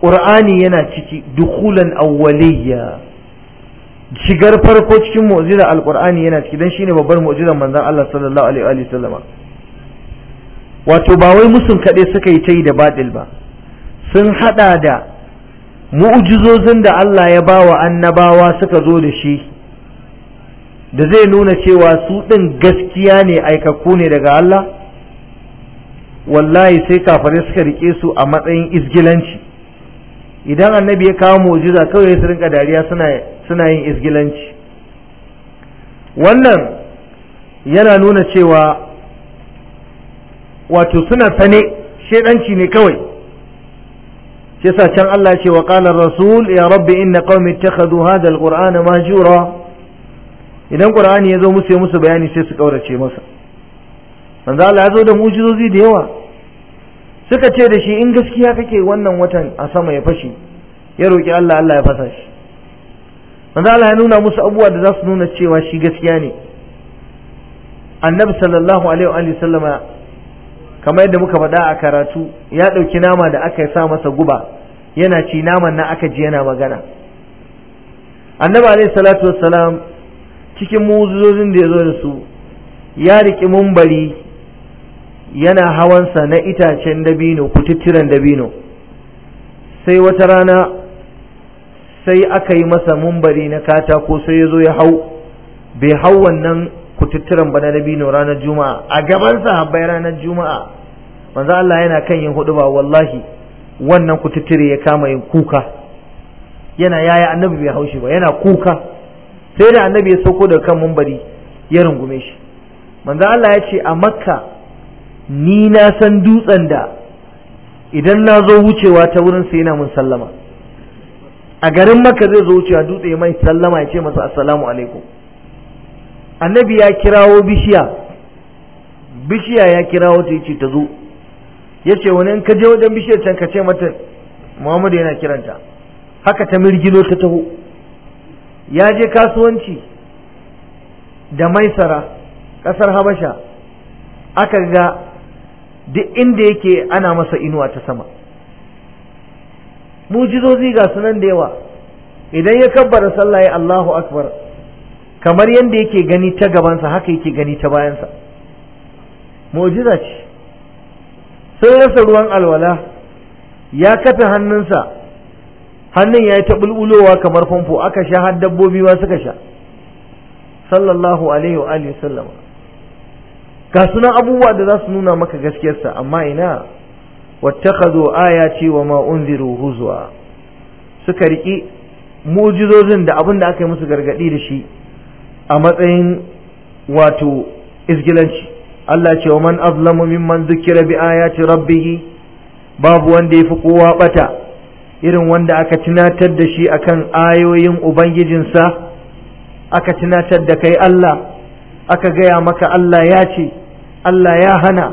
ƙur'ani yana ciki dukulan awwaliyya shigar farko cikin mu'jiza alqur'ani yana ciki dan shine babbar mu'jizar manzon Allah sallallahu alaihi wa sallam wato ba wai musun kaɗai suka yi ta da baɗil ba sun haɗa da mu'ujizozin da Allah ya ba wa annabawa suka zo da shi da zai nuna cewa su ɗin gaskiya ne aikakku ne daga Allah wallahi sai kafare suka rike su a matsayin izgilanci idan annabi ya kawo mu'jiza kawai su rinka dariya suna suna yin izgilanci wannan yana nuna cewa wato suna sane shaidanci ne kawai shi sa can Allah ce wa qala rasul ya rabbi inna qaumi ittakhadhu hadha alqur'ana mahjura idan qur'ani ya zo musu musu bayani sai su kaurace masa manzo Allah ya zo da mu'jizozi da yawa suka ce da shi in gaskiya kake wannan watan a sama ya fashi ya roki Allah Allah ya fasa shi manzo Allah ya nuna musu abubuwa da za su nuna cewa shi gaskiya ne annabi sallallahu alaihi wa sallama kamar yadda muka faɗa a karatu ya ɗauki nama da aka sa masa guba yana ci naman na aka ji yana magana annabi alaihi salatu wassalam cikin muzuzozin da ya zo da su ya riƙi mumbari yana hawansa na itacen dabino kututturen dabino sai wata rana sai aka yi masa mumbari na katako sai ya zo ya hau bai hau wannan kututturan ba na dabino ranar juma'a a gaban sahabbai ranar juma'a manzo Allah yana kan yin hudu ba wallahi wannan kututture ya kama yin kuka yana yaya annabi bai haushi ba yana kuka sai da annabi ya sauko daga kan mumbari ya rungume shi manzo Allah ya ce a makka ni na san dutsen da idan na zo wucewa ta wurin sai yana mun sallama a garin maka zai zo a dutse mai sallama ya ce masa assalamu alaikum annabi ya kirawo bishiya bishiya ya kirawo ta yace ta zo ya ce wani in ka je wajen bishiyar can ka ce mata muhammadu yana kiranta haka ta mirgino ta taho ya je kasuwanci da maisara ƙasar habasha aka ga duk inda yake ana masa inuwa ta sama mujizozi ga sunan da yawa idan ya kabbara sallah ya Allahu akbar kamar yadda yake gani ta gabansa haka yake gani ta bayansa mujiza ce sun rasa ruwan alwala ya kafe hannunsa hannun ya yi ta bulbulowa kamar famfo aka sha har dabbobi ma suka sha sallallahu alaihi wa sallama ga sunan abubuwa da za su nuna maka gaskiyarsa amma ina wattakhadhu ayati wa ma unziru suka riki mu'jizozin da abin da aka yi musu gargadi da shi a matsayin wato izgilanci Allah ce wa man azlamu mimman dhukira bi ayati rabbih babu wanda yafi kowa bata irin wanda aka tunatar da shi akan ayoyin ubangijinsa aka tunatar da kai Allah aka gaya maka Allah ya ce Allah ya hana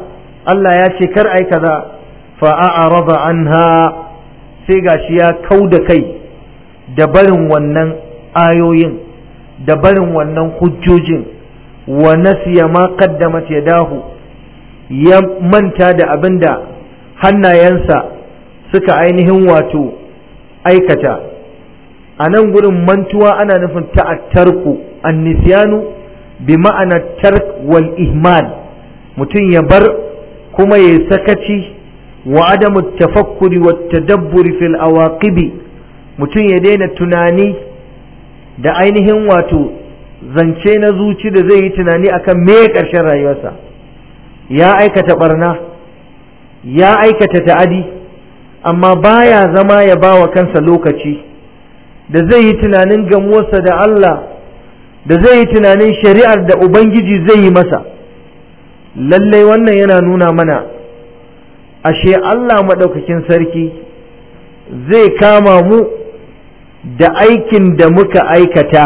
Allah ya ce kar ai kaza fa'a'araba anha sai gashi ya kau da kai da barin wannan ayoyin da barin wannan hujjojin wa nasiya ma ya dahu ya manta da abin da hannayensa suka ainihin wato aikata a nan gurin mantuwa ana nufin ta'attarku annisyanu bi ma'ana tark wal ihmal mutum ya bar kuma ya sakaci وعدم التفكر والتدبر في الأواقب mutum ya daina tunani da ainihin wato zance na zuci da zai yi tunani akan me ƙarshen rayuwarsa ya aikata barna ya aikata ta'adi amma baya zama ya ba wa kansa lokaci da zai yi tunanin gamuwarsa da Allah da zai yi tunanin shari'ar da Ubangiji zai yi masa lallai wannan yana nuna mana ashe Allah maɗaukakin sarki zai kama mu da aikin da muka aikata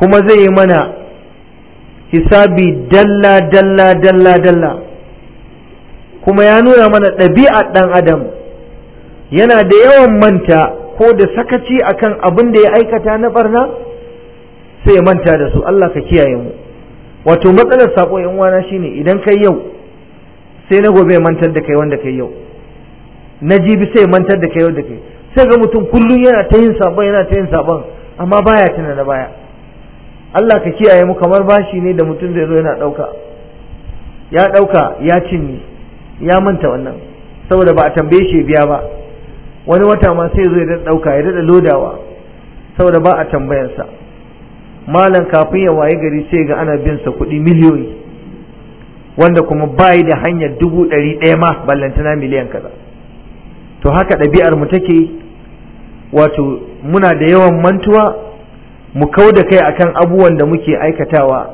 kuma zai yi mana hisabi dalla dalla dalla dalla kuma ya nuna mana ɗabi'a ɗan adam yana da yawan manta ko da sakaci akan abin da ya aikata na barna sai ya manta da su Allah ka kiyaye mu wato matsalar saƙo 'yan uwana shine idan kai yau sai na gobe mantar da kai wanda kai yau na jibi sai mantar da kai wanda kai sai ga mutum kullum yana ta yin sabon yana ta yin sabon amma baya tuna na baya Allah ka kiyaye mu kamar bashi ne da mutum zai zo yana ɗauka ya ɗauka ya cinye ya manta wannan saboda ba a tambaye shi biya ba wani wata ma sai zo ya daɗa ɗauka ya daɗa lodawa saboda ba a tambayarsa malam kafin ya waye gari sai ga ana bin sa kuɗi miliyoyi wanda kuma bayi da hanyar dubu ɗari ɗaya ma ballantana miliyan kaza to haka ɗabi'ar mu take wato muna da yawan mantuwa mu kau da kai akan abubuwan da muke aikatawa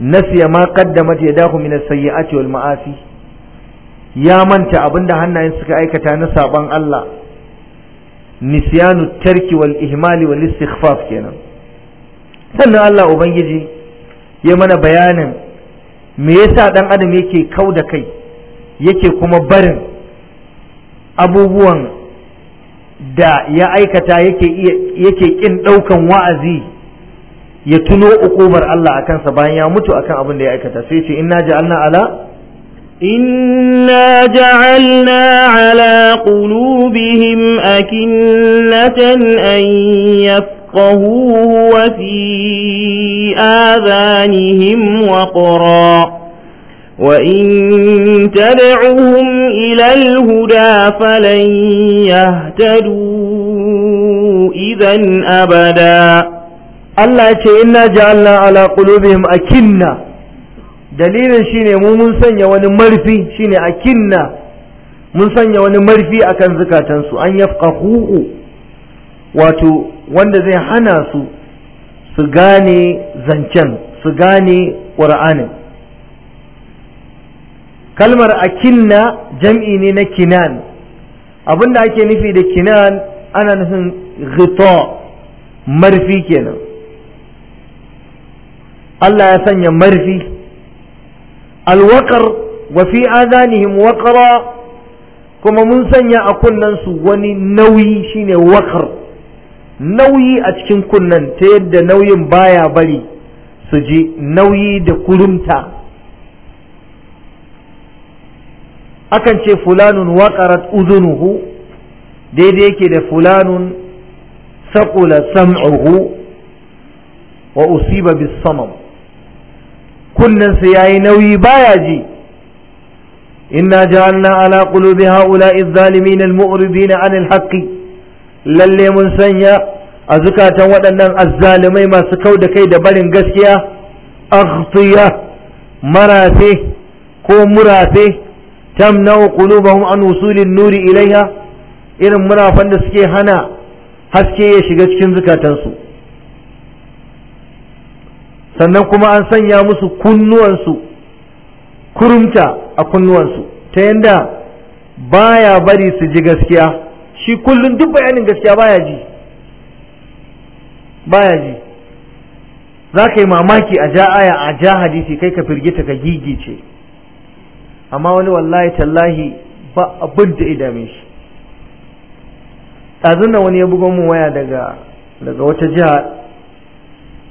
nasiya ma qaddamat yadahu min as-sayyi'ati wal ma'asi ya manta abinda hannayen suka aikata na saban Allah nisyanu tarki wal ihmali wal istighfaf kenan sannan Allah ubangiji ya mana bayanin me yasa dan adam yake kau da kai yake kuma barin abubuwan da ya aikata yake yake kin daukan wa'azi ya tuno ukubar Allah akan sa bayan ya mutu akan abin da ya aikata sai ce inna ja'alna ala inna ja'alna ala qulubihim أكنة an فَقَهُوهُ وَفِي آذَانِهِمْ وَقْرًا وَإِن تَدْعُهُمْ إِلَى الْهُدَى فَلَن يَهْتَدُوا إِذًا أَبَدًا Allah ce inna ja'alna ala qulubihim akinna dalilin shine mu mun sanya wani marfi shine akinna mun sanya wani marfi akan zukatansu an yafqahu wato wanda zai hana su su gane zancen su gane ƙur'anin kalmar akinna jam'i ne na kinan abinda ake nufi da kinan ana nufin rito marfi kenan Allah ya sanya marfi alwakar wa fi adanihim kuma mun sanya a kunnensu wani nauyi shine wakar nauyi a cikin kunnan ta yadda nauyin baya bari su ji nauyi da kurumta akan ce fulanun waƙarat uzunuhu daidai yake da fulanun saƙula sam'uhu wa usiba bis samam kunnansa yayi nauyi baya ji inna ja'alna ala qulubi ha'ula'i adh-dhalimin al-mu'ridin 'anil haqqi lalle mun sanya a zukatan waɗannan azzalumai masu kau da kai da barin gaskiya aghtiya marase ko murase tamna'u qulubahum an wusulin nuri ilaiha irin murafan da suke hana haske ya shiga cikin zukatansu sannan kuma an sanya musu kunnuwansu kurumta a kunnuwansu ta yanda baya bari su ji gaskiya shi kullum duk bayanin gaskiya baya ji baya ji za ka yi mamaki a ja aya a ja hadisi kai ka firgita ka gigi ce. amma wani wallahi tallahi ba abin da idame shi ɗazun da wani ya bugon mu waya daga daga wata jiha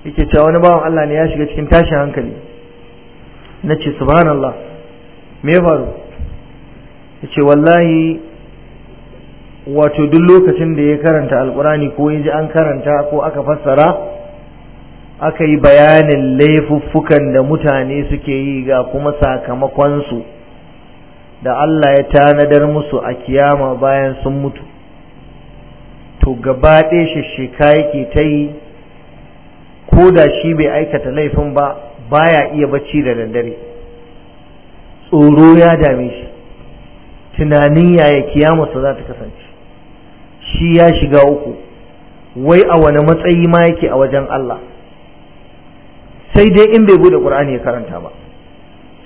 yake cewa wani bawan Allah ne ya shiga cikin tashin hankali na ce subhanallah me ya faru ya ce wallahi wato duk lokacin da ya karanta alkurani ko ya ji an karanta ko aka fassara aka yi bayanin laifuffukan da mutane suke yi ga kuma sakamakonsu da Allah ya tanadar musu a kiyama bayan sun mutu to gaba ɗaya shishika yake ta yi ko da shi bai aikata laifin ba baya iya bacci da daddare tsoro ya dame shi tunanin yaya kiyamarsa za ta kasance shi ya shiga uku wai a wani matsayi ma yake a wajen Allah sai dai in bai bude Qur'ani ya karanta ba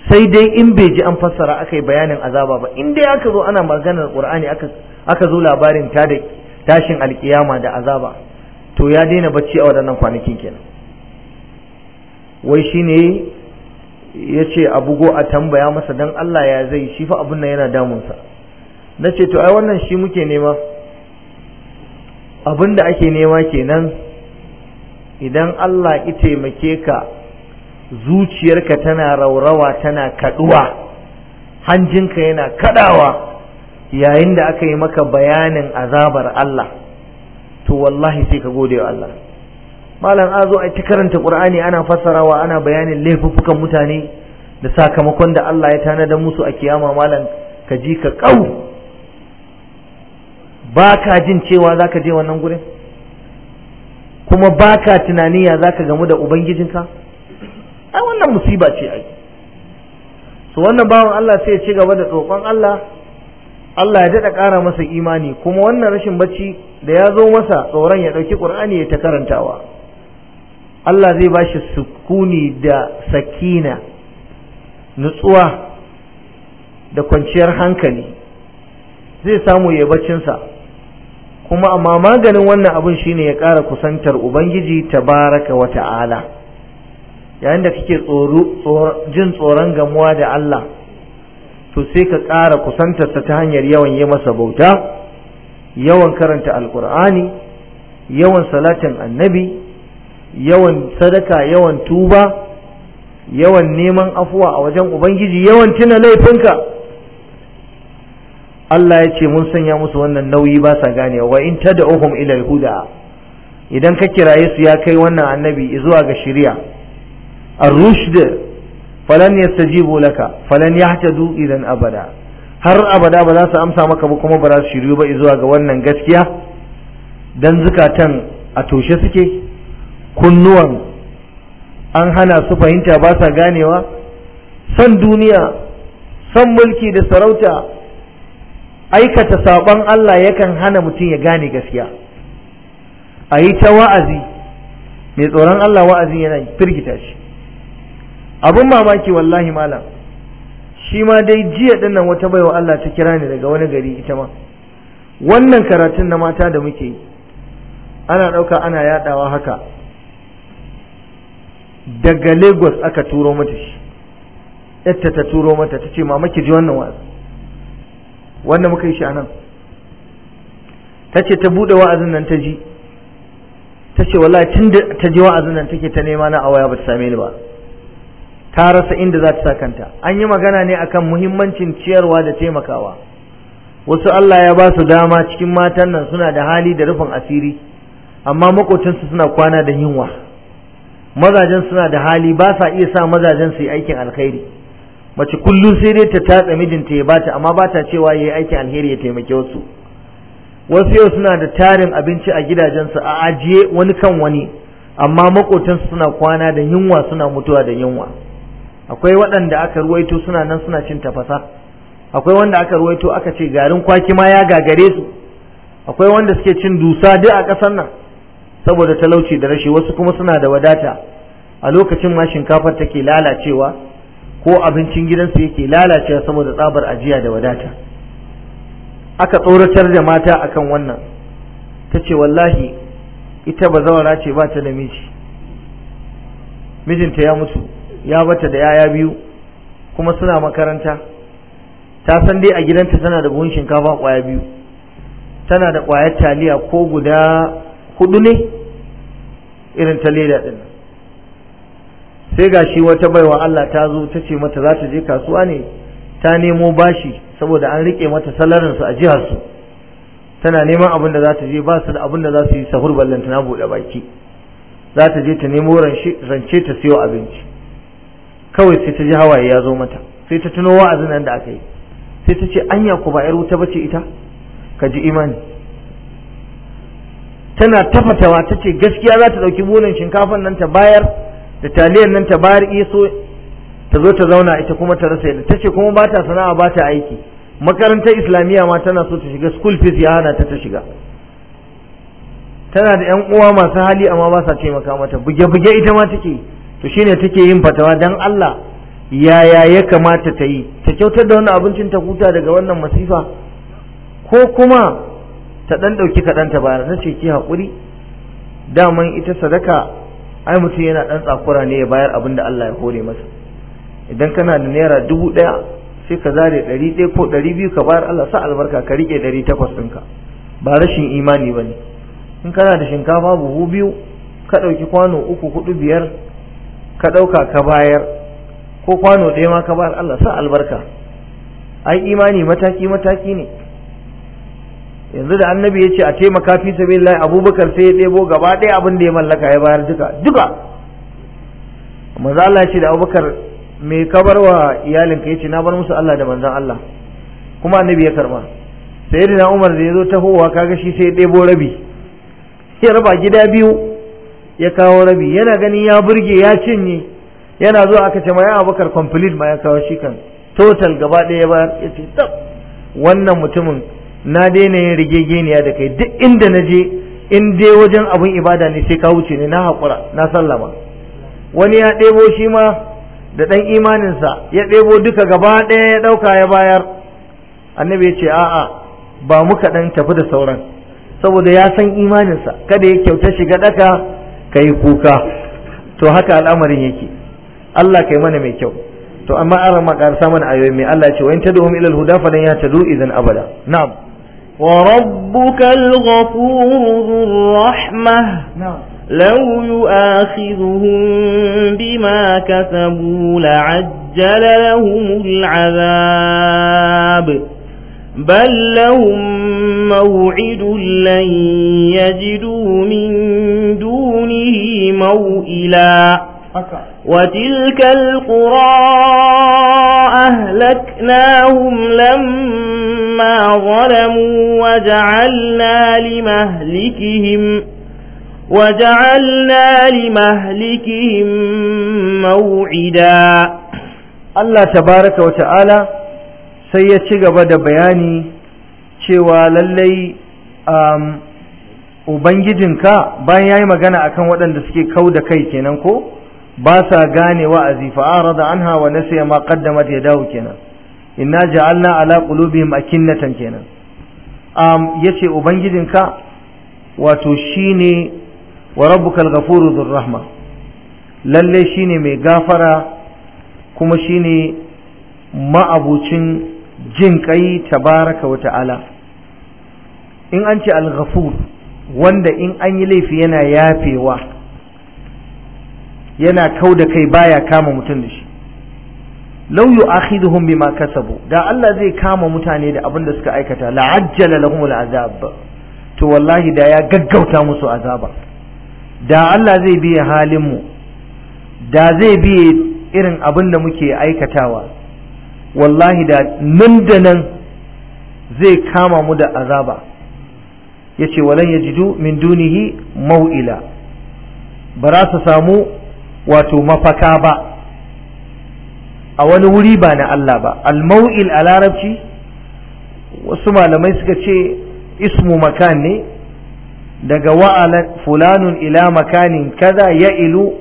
sai dai in bai ji an fassara aka bayanin azaba ba in dai aka zo ana maganar Qur'ani aka aka zo labarin ta da tashin alkiyama da azaba to ya daina bacci a wadannan kwanakin kenan wai shine ya ce a bugo a tambaya masa dan Allah ya zai shi fa abun nan yana damunsa na ce to ai wannan shi muke nema abin da ake nema kenan idan Allah ya taimake ka zuciyarka tana raurawa tana kaduwa hanjinka yana kadawa yayin da aka yi maka bayanin azabar Allah to wallahi sai ka gode wa Allah malam azo a ci karanta qur'ani ana fassarawa ana bayanin laifukan mutane da sakamakon da Allah ya tanada musu a kiyama malam ka ji ka kau ba ka jin cewa za ka je wannan gurin kuma ba ka tunani ya za ka gamu da ubangijinka ai wannan musiba ce ai su wannan bawan Allah sai ya ci gaba da tsokon Allah Allah ya daɗa ƙara masa imani kuma wannan rashin bacci da ya zo masa tsoron ya ɗauki ƙur'ani ya ta karantawa Allah zai ba shi sukuni da sakina nutsuwa da kwanciyar hankali zai samu yabacinsa kuma amma maganin wannan abin shine ya ƙara kusantar ubangiji tabaraka wa ta'ala yayin da kake jin tsoron gamuwa da Allah to sai ka ƙara kusantarsa ta hanyar yawan yi masa bauta yawan karanta alkur'ani yawan salatin annabi yawan sadaka yawan tuba yawan neman afuwa a wajen ubangiji yawan tuna laifinka Allah ya ce mun sanya musu wannan nauyi ba sa gane wa in tad'uhum ila al-huda idan ka kiraye su ya kai wannan annabi zuwa ga shari'a ar-rushd falan yastajibu laka falan yahtadu idan abada har abada ba za su amsa maka ba kuma ba za su shiryu ba zuwa ga wannan gaskiya dan zukatan a toshe suke kunnuwan an hana su fahimta ba sa ganewa san duniya san mulki da sarauta aikata saɓon Allah yakan hana mutum ya gane gaskiya a yi ta wa'azi mai tsoron Allah wa'azi yana firgita shi abin mamaki wallahi malam shi ma dai jiya ɗinnan wata baiwa Allah ta kira ni daga wani gari ita ma wannan karatun na mata da muke yi ana ɗauka ana yaɗawa haka daga lagos aka turo mata shi ta turo mata ta ce mamaki ji wannan wa'azi wanda muka yi shi anan ta ce ta buɗe wa'azin nan ta ji wallahi tun da ta wa'azin nan take ta nema na a waya ba ta same ni ba ta rasa inda za ta sa kanta an yi magana ne akan muhimmancin ciyarwa da taimakawa wasu Allah ya ba su dama cikin matan nan suna da hali da rufin asiri amma makocinsu suna kwana da yunwa mazajen suna da hali ba sa iya sa mazajen su yi aikin alkhairi mace kullum sai dai ta tatsa mijinta ya bata amma ba ta cewa yayi aikin alheri ya taimake wasu wasu yau suna da tarin abinci a gidajensu a ajiye wani kan wani amma makotansu suna kwana da yunwa suna mutuwa da yunwa akwai waɗanda aka ruwaito suna nan suna cin tafasa akwai wanda aka ruwaito aka ce garin kwaki ma ya gagare su akwai wanda suke cin dusa duk a ƙasar nan saboda talauci da rashi wasu kuma suna da wadata a lokacin ma shinkafar take lalacewa ko abincin gidansu yake lalace saboda tsabar ajiya da wadata aka tsoratar da mata akan wannan ta ce wallahi ita ba zawara ce ba ta da miji mijinta ya mutu ya bata da yaya biyu kuma suna makaranta ta san dai a gidanta tana da buhun shinkafa kwaya biyu tana da kwayar taliya ko guda hudu ne irin ta leda din sai ga shi wata baiwa Allah ta zo ta ce mata za ta je kasuwa ne ta nemo bashi saboda an rike mata salarinsu a jiharsu tana neman abin da za ta je ba su da abin da za su yi sahur ballanta na buɗe baki za ta je ta nemo rance ta siyo abinci kawai sai ta ji hawaye ya zo mata sai ta tuno wa'azin nan da aka yi sai ta ce anya ku ba 'yar wuta bace ita ka ji imani tana tafatawa ta ce gaskiya za ta ɗauki bunan shinkafan nan ta bayar da taliyar nan ta bayar iso ta zo ta zauna ita kuma ta rasa yadda ta ce kuma ba ta sana'a ba ta aiki makarantar islamiyya ma tana so ta shiga school fees ya hana ta ta shiga tana da yan uwa masu hali amma ba sa taimaka mata buge-buge ita ma take to shine take yin fatawa dan Allah yaya ya kamata ta yi ta kyautar da wani abincin ta huta daga wannan masifa ko kuma ta dan dauki kaɗan ta bayar na ce ki haƙuri daman ita sadaka ai mutum yana dan tsakura ne ya bayar abin da Allah ya hore masa idan kana da naira dubu ɗaya sai ka zare ɗari ɗaya ko ɗari biyu ka bayar Allah sa albarka ka riƙe ɗari takwas ɗinka ba rashin imani ba ne in kana da shinkafa buhu biyu ka ɗauki kwano uku hudu biyar ka ɗauka ka bayar ko kwano ɗaya ma ka bayar Allah sa albarka ai imani mataki mataki ne yanzu da annabi ya ce a taimaka fi lai abubakar sai ya ɗebo gaba ɗaya abin da ya mallaka ya bayar duka duka Maza Allah ya ce da abubakar me kabarwa iyalinka wa iyalinka yace na bar musu Allah da manzan Allah kuma annabi ya karba na Umar da ya zo tahowa kaga shi sai ya ɗebo rabi ya raba gida biyu ya kawo rabi yana ganin ya burge ya cinye yana zuwa aka ce ma ya abubakar complete ma ya kawo shi kan total gaba ɗaya ya bayar ya ce wannan mutumin na daina yin rigegeniya da kai duk inda na je in dai wajen abin ibada ne sai ka wuce ne na haƙura na sallama wani ya ɗebo shi ma da ɗan imaninsa ya ɗebo duka gaba ɗaya ya ɗauka ya bayar annabi ya ce a'a ba mu kaɗan tafi da sauran saboda ya san imaninsa kada ya kyauta shiga ɗaka ka yi kuka to haka al'amarin yake Allah kai mana mai kyau to amma an rama ƙarsa mana ayoyi mai Allah ce wa in tad'uhum ila al ya ta yahtadu idan abada na'am وربك الغفور ذو الرحمة نعم. لو يؤاخذهم بما كسبوا لعجل لهم العذاب بل لهم موعد لن يجدوا من دونه موئلاً وتلك القرى أهلكناهم لما ظلموا وجعلنا لمهلكهم وجعلنا لمهلكهم موعدا الله تبارك وتعالى سيتشغ بدا بياني cewa lallai ubangijinka bayan ya yi magana akan waɗanda suke kau da kai kenan ko ba sa gane wa'azi fa'arada anha wa nasiya ma ya dawo kenan inna ja'alna ala qulubihim akinnatan kenan um yace ubangijinka wato shine wa rabbukal ghafuru dhur rahma lalle shine mai gafara kuma shine ma'abucin jin kai tabaraka wa ta'ala in an ce al wanda in an yi laifi yana yafewa yana kau da kai baya kama mutum da shi law yu'akhiduhum bima kasabu da Allah zai kama mutane da abin da suka aikata la'ajjala lahum al'azab to wallahi da ya gaggauta musu azaba da Allah zai biye halin mu da zai biye irin abin da muke aikatawa wallahi da nan da nan zai kama mu da azaba yace walan yajidu min dunihi mau'ila ba za su samu wato mafaka ba a wani wuri ba na Allah ba al mauil a larabci wasu malamai suka ce ismu makan ne daga wa'alan fulanun ila makanin kaza ya ilu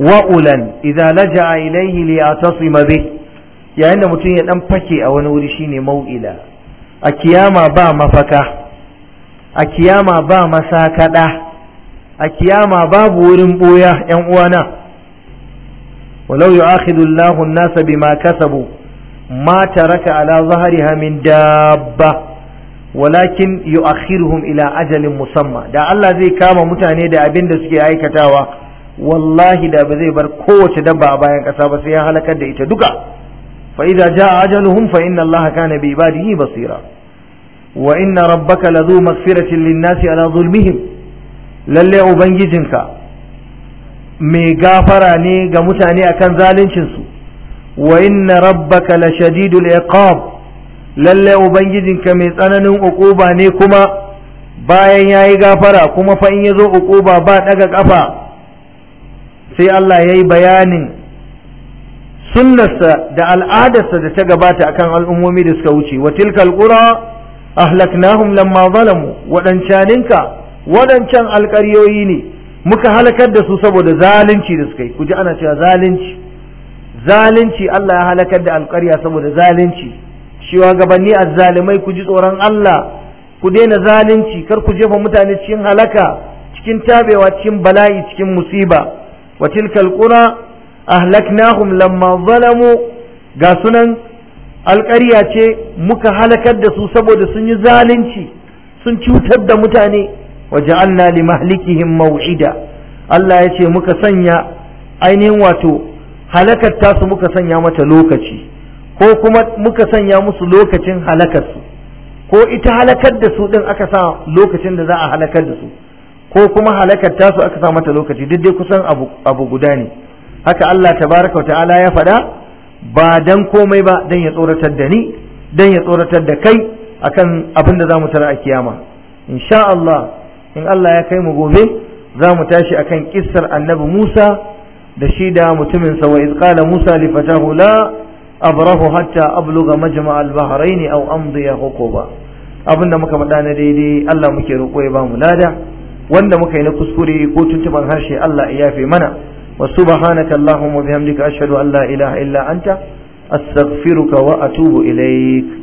wa'ulan idan laja'a ilaihi li atasima bih yayin da mutum ya dan fake a wani wuri shine mau'ila a kiyama ba mafaka a kiyama ba masakada a kiyama babu wurin boya yan uwana ولو يؤاخذ الله الناس بما كسبوا ما ترك على ظهرها من دابة ولكن يؤخرهم إلى أجل مسمى دا الله زي كاما متاني دا أبين دا سكي آي كتاوى والله دا بزي بر قوة دبا أبايا كسابة سيها لك دا إتدقى فإذا جاء أجلهم فإن الله كان بعباده بصيرا وإن ربك لذو مغفرة للناس على ظلمهم lalle ubangijinka mai gafara ne ga mutane akan zaluncinsu wa inna rabbaka la shadidul iqab lalle ubangijinka mai tsananin ukuba ne kuma bayan yayi gafara kuma fa in yazo ukuba ba daga kafa sai Allah yayi bayanin sunnarsa da al'adarsa da ta gabata akan al'ummomi da suka wuce wa tilkal qura ahlaknahum lamma zalamu wadancaninka wadancan alƙaryoyi ne muka halakar da su saboda zalunci da suka yi ku ana cewa zalunci zalunci Allah ya halakar da alƙarya saboda zalunci cewa gabanni azzalimai ku ji tsoron Allah ku daina zalunci kar ku jefa mutane cikin halaka cikin tabewa cikin bala'i cikin musiba wa tilkal qura ahlaknahum lamma zalamu ga sunan alƙarya ce muka halakar da su saboda sun yi zalunci sun cutar da mutane waja'alna limahlikihim maw'ida Allah ya ce muka sanya ainihin wato halakar tasu muka sanya mata lokaci ko kuma muka sanya musu lokacin halakar su ko ita halakar da su din aka sa lokacin da za a halakar da su ko kuma halakar tasu aka sa mata lokaci duk dai kusan abu, abu guda ne haka Allah tabaraka wa ta'ala ya faɗa ba dan komai ba dan ya tsoratar da ni dan ya tsoratar da kai akan abin da za mu tara a kiyama insha Allah in Allah ya kai mu gobe za mu tashi akan kissar annabi Musa da shi da mutumin sa wa iz qala Musa li fatahu la abrahu hatta abluga majma' al-bahrayn aw amdiya Abin abinda muka faɗa na daidai Allah muke roƙo ya ba mu lada wanda muka yi na kuskure ko tuntuban harshe Allah ya yafe mana wa subhanaka allahumma bihamdika ashhadu an la ilaha illa anta astaghfiruka wa atubu ilaik